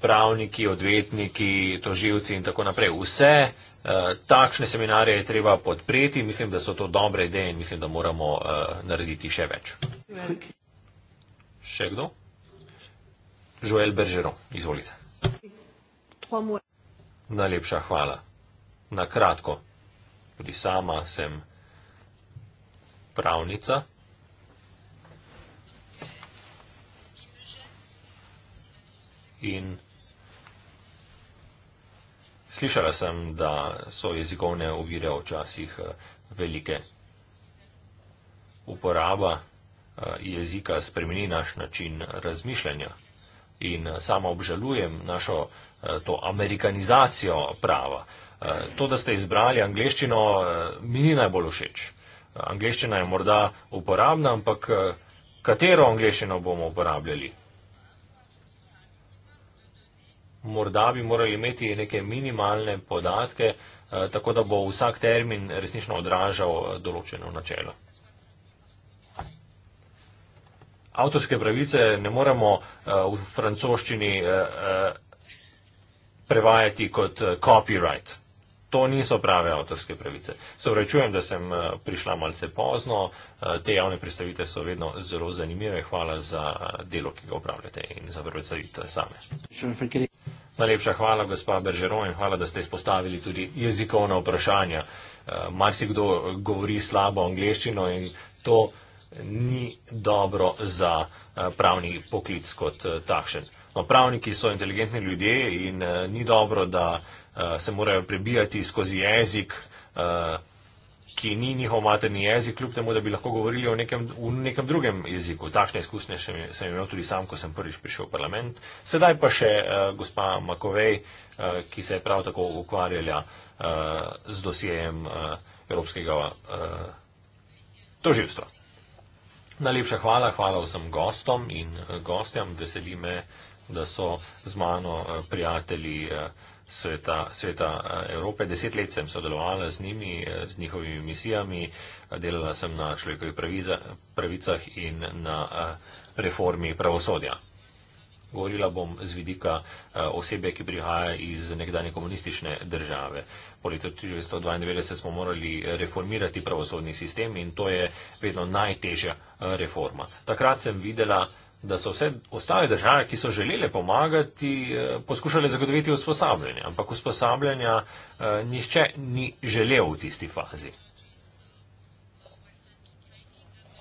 pravniki, odvetniki, toživci in tako naprej. Vse takšne seminarje je treba podpreti. Mislim, da so to dobre ideje in mislim, da moramo narediti še več. Še kdo? Joel Bergeron, izvolite. 3 mois. Najlepša hvala. Na kratko, tudi sama sem pravnica. In slišala sem, da so jezikovne ovire včasih eh, velike. Uporaba eh, jezika spremeni naš način razmišljanja in eh, sama obžalujem našo Eh, to amerikanizacijo prava. Eh, to, da ste izbrali angliščino, eh, mi ni najbolj všeč. Angliščina je morda uporabna, ampak katero angliščino bomo uporabljali? Morda bi morali imeti neke minimalne podatke, tako da bo vsak termin resnično odražal določeno načelo. Avtorske pravice ne moremo v francoščini prevajati kot eh, copyright. To niso prave avtorske pravice. Se vračujem, da sem eh, prišla malce pozno. Eh, te javne predstavitve so vedno zelo zanimive. Hvala za delo, ki ga upravljate in za predstavitve same. Najlepša hvala, gospa Beržero, in hvala, da ste izpostavili tudi jezikovna vprašanja. Marsikdo govori slabo angliščino in to ni dobro za pravni poklic kot takšen. No, pravniki so inteligentni ljudje in uh, ni dobro, da uh, se morajo prebijati skozi jezik, uh, ki ni njihov materni jezik, kljub temu, da bi lahko govorili v nekem, v nekem drugem jeziku. Takšne izkušnje sem, sem imel tudi sam, ko sem prvič prišel v parlament. Sedaj pa še uh, gospa Makovej, uh, ki se je prav tako ukvarjala uh, z dosijem uh, Evropskega uh, toživstva. Najlepša hvala, hvala vsem gostom in gostjam, veseli me da so z mano eh, prijatelji eh, sveta, sveta eh, Evrope. Deset let sem sodelovala z njimi, z njihovimi misijami, delala sem na človekovih pravicah in na reformi pravosodja. Govorila bom z vidika osebe, ki prihaja iz nekdanje komunistične države. Po letu 1992 smo morali reformirati pravosodni sistem in to je vedno najtežja reforma. Takrat sem videla, da so vse ostale države, ki so želeli pomagati, eh, poskušali zagotoviti usposabljanje, ampak usposabljanja eh, nihče ni želel v tisti fazi.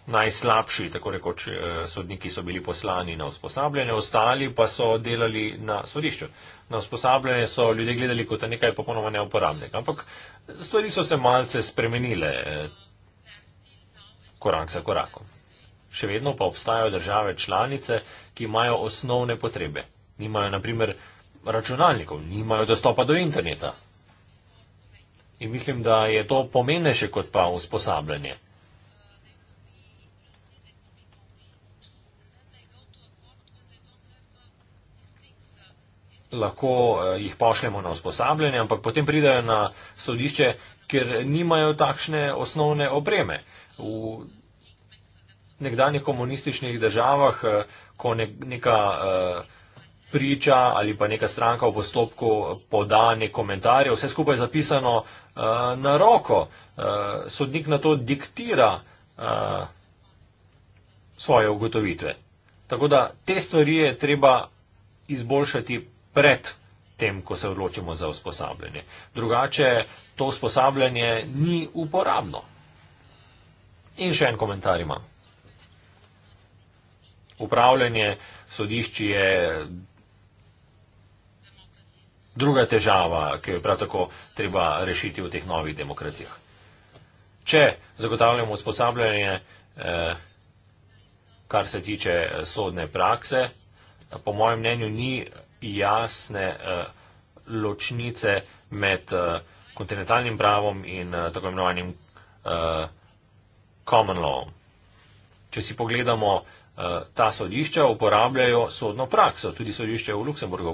Najslabši, tako rekoč, eh, sodniki so bili poslani na usposabljanje, ostali pa so delali na sodišču. Na usposabljanje so ljudje gledali kot nekaj popolnoma neuporabnega, ampak stvari so se malce spremenile korak za korakom še vedno pa obstajajo države članice, ki imajo osnovne potrebe. Nimajo naprimer računalnikov, nimajo dostopa do interneta. In mislim, da je to pomenejše kot pa usposabljanje. Lahko eh, jih pošljemo na usposabljanje, ampak potem pridajo na sodišče, ker nimajo takšne osnovne opreme. V nekdanjih komunističnih državah, eh, ko neka eh, priča ali pa neka stranka v postopku eh, poda nek komentar, vse skupaj zapisano na roko. Sodnik na to diktira svoje ugotovitve. Tako da te stvari je treba izboljšati pred tem, ko se odločimo za usposabljanje. Drugače to usposabljanje ni uporabno. In še en komentar imam upravljanje sodišč je druga težava, ki jo je prav tako treba rešiti v teh novih demokracijah. Če zagotavljamo usposabljanje, eh, kar se tiče eh, sodne prakse, po mojem mnenju ni jasne eh, ločnice med kontinentalnim pravom in tako imenovanim common law. Če si pogledamo Eh, ta sodišča uporabljajo sodno prakso. Tudi sodišče v Luksemburgu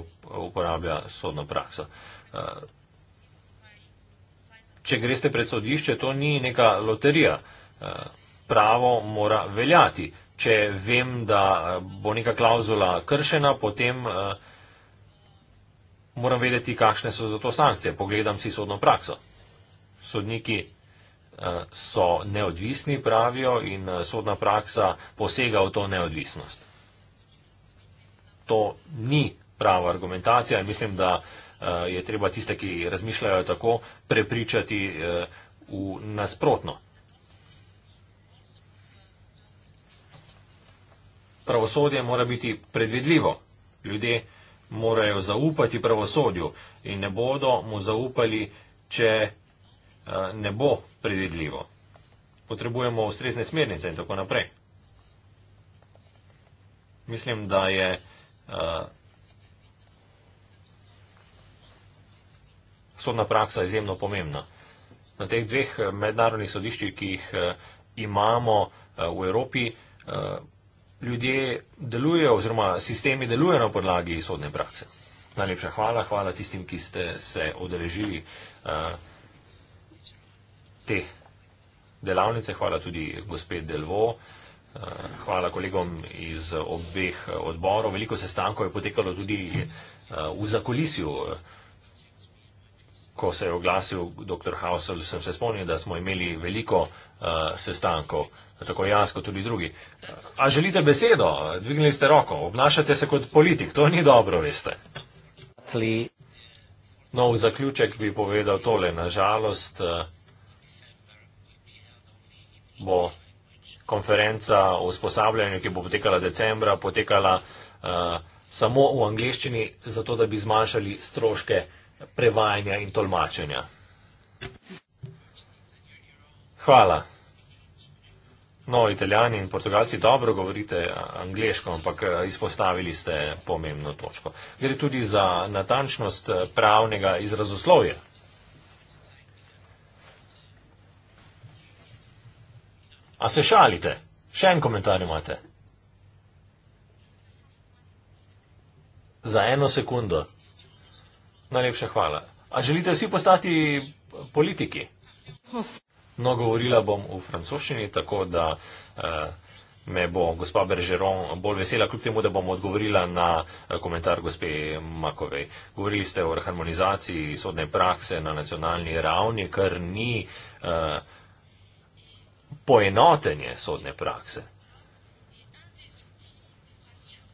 uporablja sodno prakso. Eh, če greste pred sodišče, to ni neka loterija. Eh, pravo mora veljati. Če vem, da bo neka klauzula kršena, potem moram vedeti, kakšne so za to sankcije. Pogledam si sodno prakso. Sodniki Eh, so neodvisni, pravijo, in eh, sodna praksa posega v to neodvisnost. To ni prava argumentacija in mislim, da eh, je treba tiste, ki razmišljajo tako, prepričati v nasprotno. Pravosodje mora biti predvidljivo. Ljudje morajo zaupati pravosodju in ne bodo mu zaupali, če ne bo predvidljivo. Potrebujemo ustrezne smernice in tako naprej. Mislim, da je uh, sodna praksa izjemno pomembna. Na teh dveh mednarodnih sodiščih, ki jih uh, imamo uh, v Evropi, uh, ljudje delujejo oziroma sistemi delujejo na podlagi sodne prakse. Najlepša hvala, hvala tistim, ki ste se odrežili. Uh, te delavnice, hvala tudi gospod Delvo, eh, hvala kolegom iz obeh odborov. Veliko sestankov je potekalo tudi eh, v zakolisju. Ko se je oglasil dr. Hausel, sem se spomnil, da smo imeli veliko eh, sestankov, tako jaz kot tudi drugi. A želite besedo? Dvignili ste roko, obnašate se kot politik, to ni dobro, veste. No, v zaključek bi povedal tole. Nažalost, uh, bo konferenca o usposabljanju, ki bo potekala decembra, potekala uh, samo v angliščini, zato da bi zmanjšali stroške prevajanja in tolmačenja. Hvala. No, italijani in portugalci dobro govorite angliško, ampak eh, izpostavili ste pomembno točko. Gre tudi za natančnost eh, pravnega izrazoslovja. A se šalite? Še en komentar imate. Za eno sekundo. Najlepša hvala. A želite vsi postati politiki? No, govorila bom v francoščini, tako da eh, me bo gospa Bergeron bolj vesela, kljub temu, da bom odgovorila na eh, komentar gospe Makovej. Govorili ste o harmonizaciji sodne prakse na nacionalni ravni, kar ni. Eh, poenotenje sodne prakse.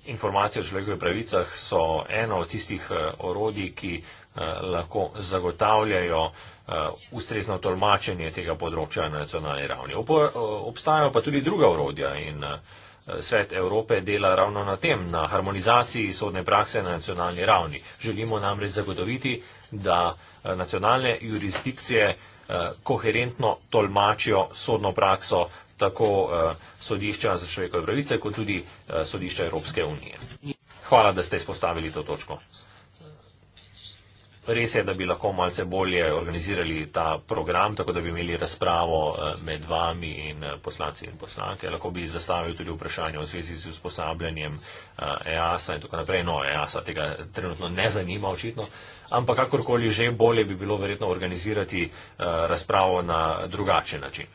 Informacije o človekovih pravicah so eno od tistih eh, orodij, ki eh, lahko zagotavljajo eh, ustrezno tolmačenje tega področja na nacionalni ravni. Obstajajo pa tudi druga orodja in svet Evrope dela ravno na tem, na harmonizaciji sodne prakse na nacionalni ravni. Želimo namreč zagotoviti, da nacionalne jurisdikcije Eh, koherentno tolmačijo sodno prakso tako eh, sodišča za človekove pravice, kot tudi eh, sodišča Evropske unije. Hvala, da ste izpostavili to točko. Res je, da bi lahko malce bolje organizirali ta program, tako da bi imeli razpravo eh, med vami in eh, poslanci in poslanke. Lahko bi zastavili tudi vprašanje v zvezi z usposabljanjem EASA eh, e in tako naprej. No, EASA tega trenutno ne zanima očitno. Ampak kakorkoli že bolje bi bilo verjetno organizirati razpravo na drugačen način.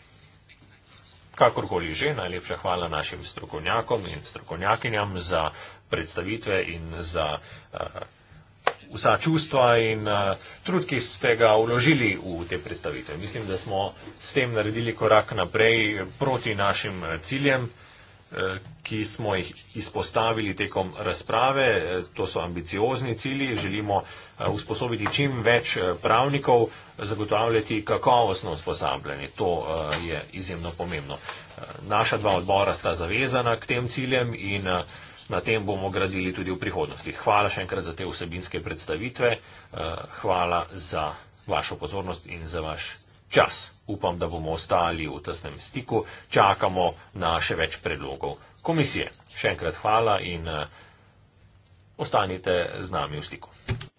Kakorkoli že, najlepša hvala našim strokovnjakom in strokovnjakinjam za predstavitve in za. Uh, vsa čustva in uh, eh, trud, ki ste ga vložili v te predstavitve. Mislim, da smo s tem naredili korak naprej proti našim eh, ciljem, uh, ki smo jih izpostavili tekom razprave. To so ambiciozni cilji. Želimo uh, usposobiti čim več pravnikov, zagotavljati kakovostno usposabljanje. To uh, je izjemno pomembno. Uh, naša dva odbora sta zavezana k tem ciljem in uh, na tem bomo gradili tudi v prihodnosti. Hvala še enkrat za te vsebinske predstavitve, eh, hvala za vašo pozornost in za vaš čas. Upam, da bomo ostali v tesnem stiku, čakamo na še več predlogov komisije. Še enkrat hvala in eh, ostanite z nami v stiku.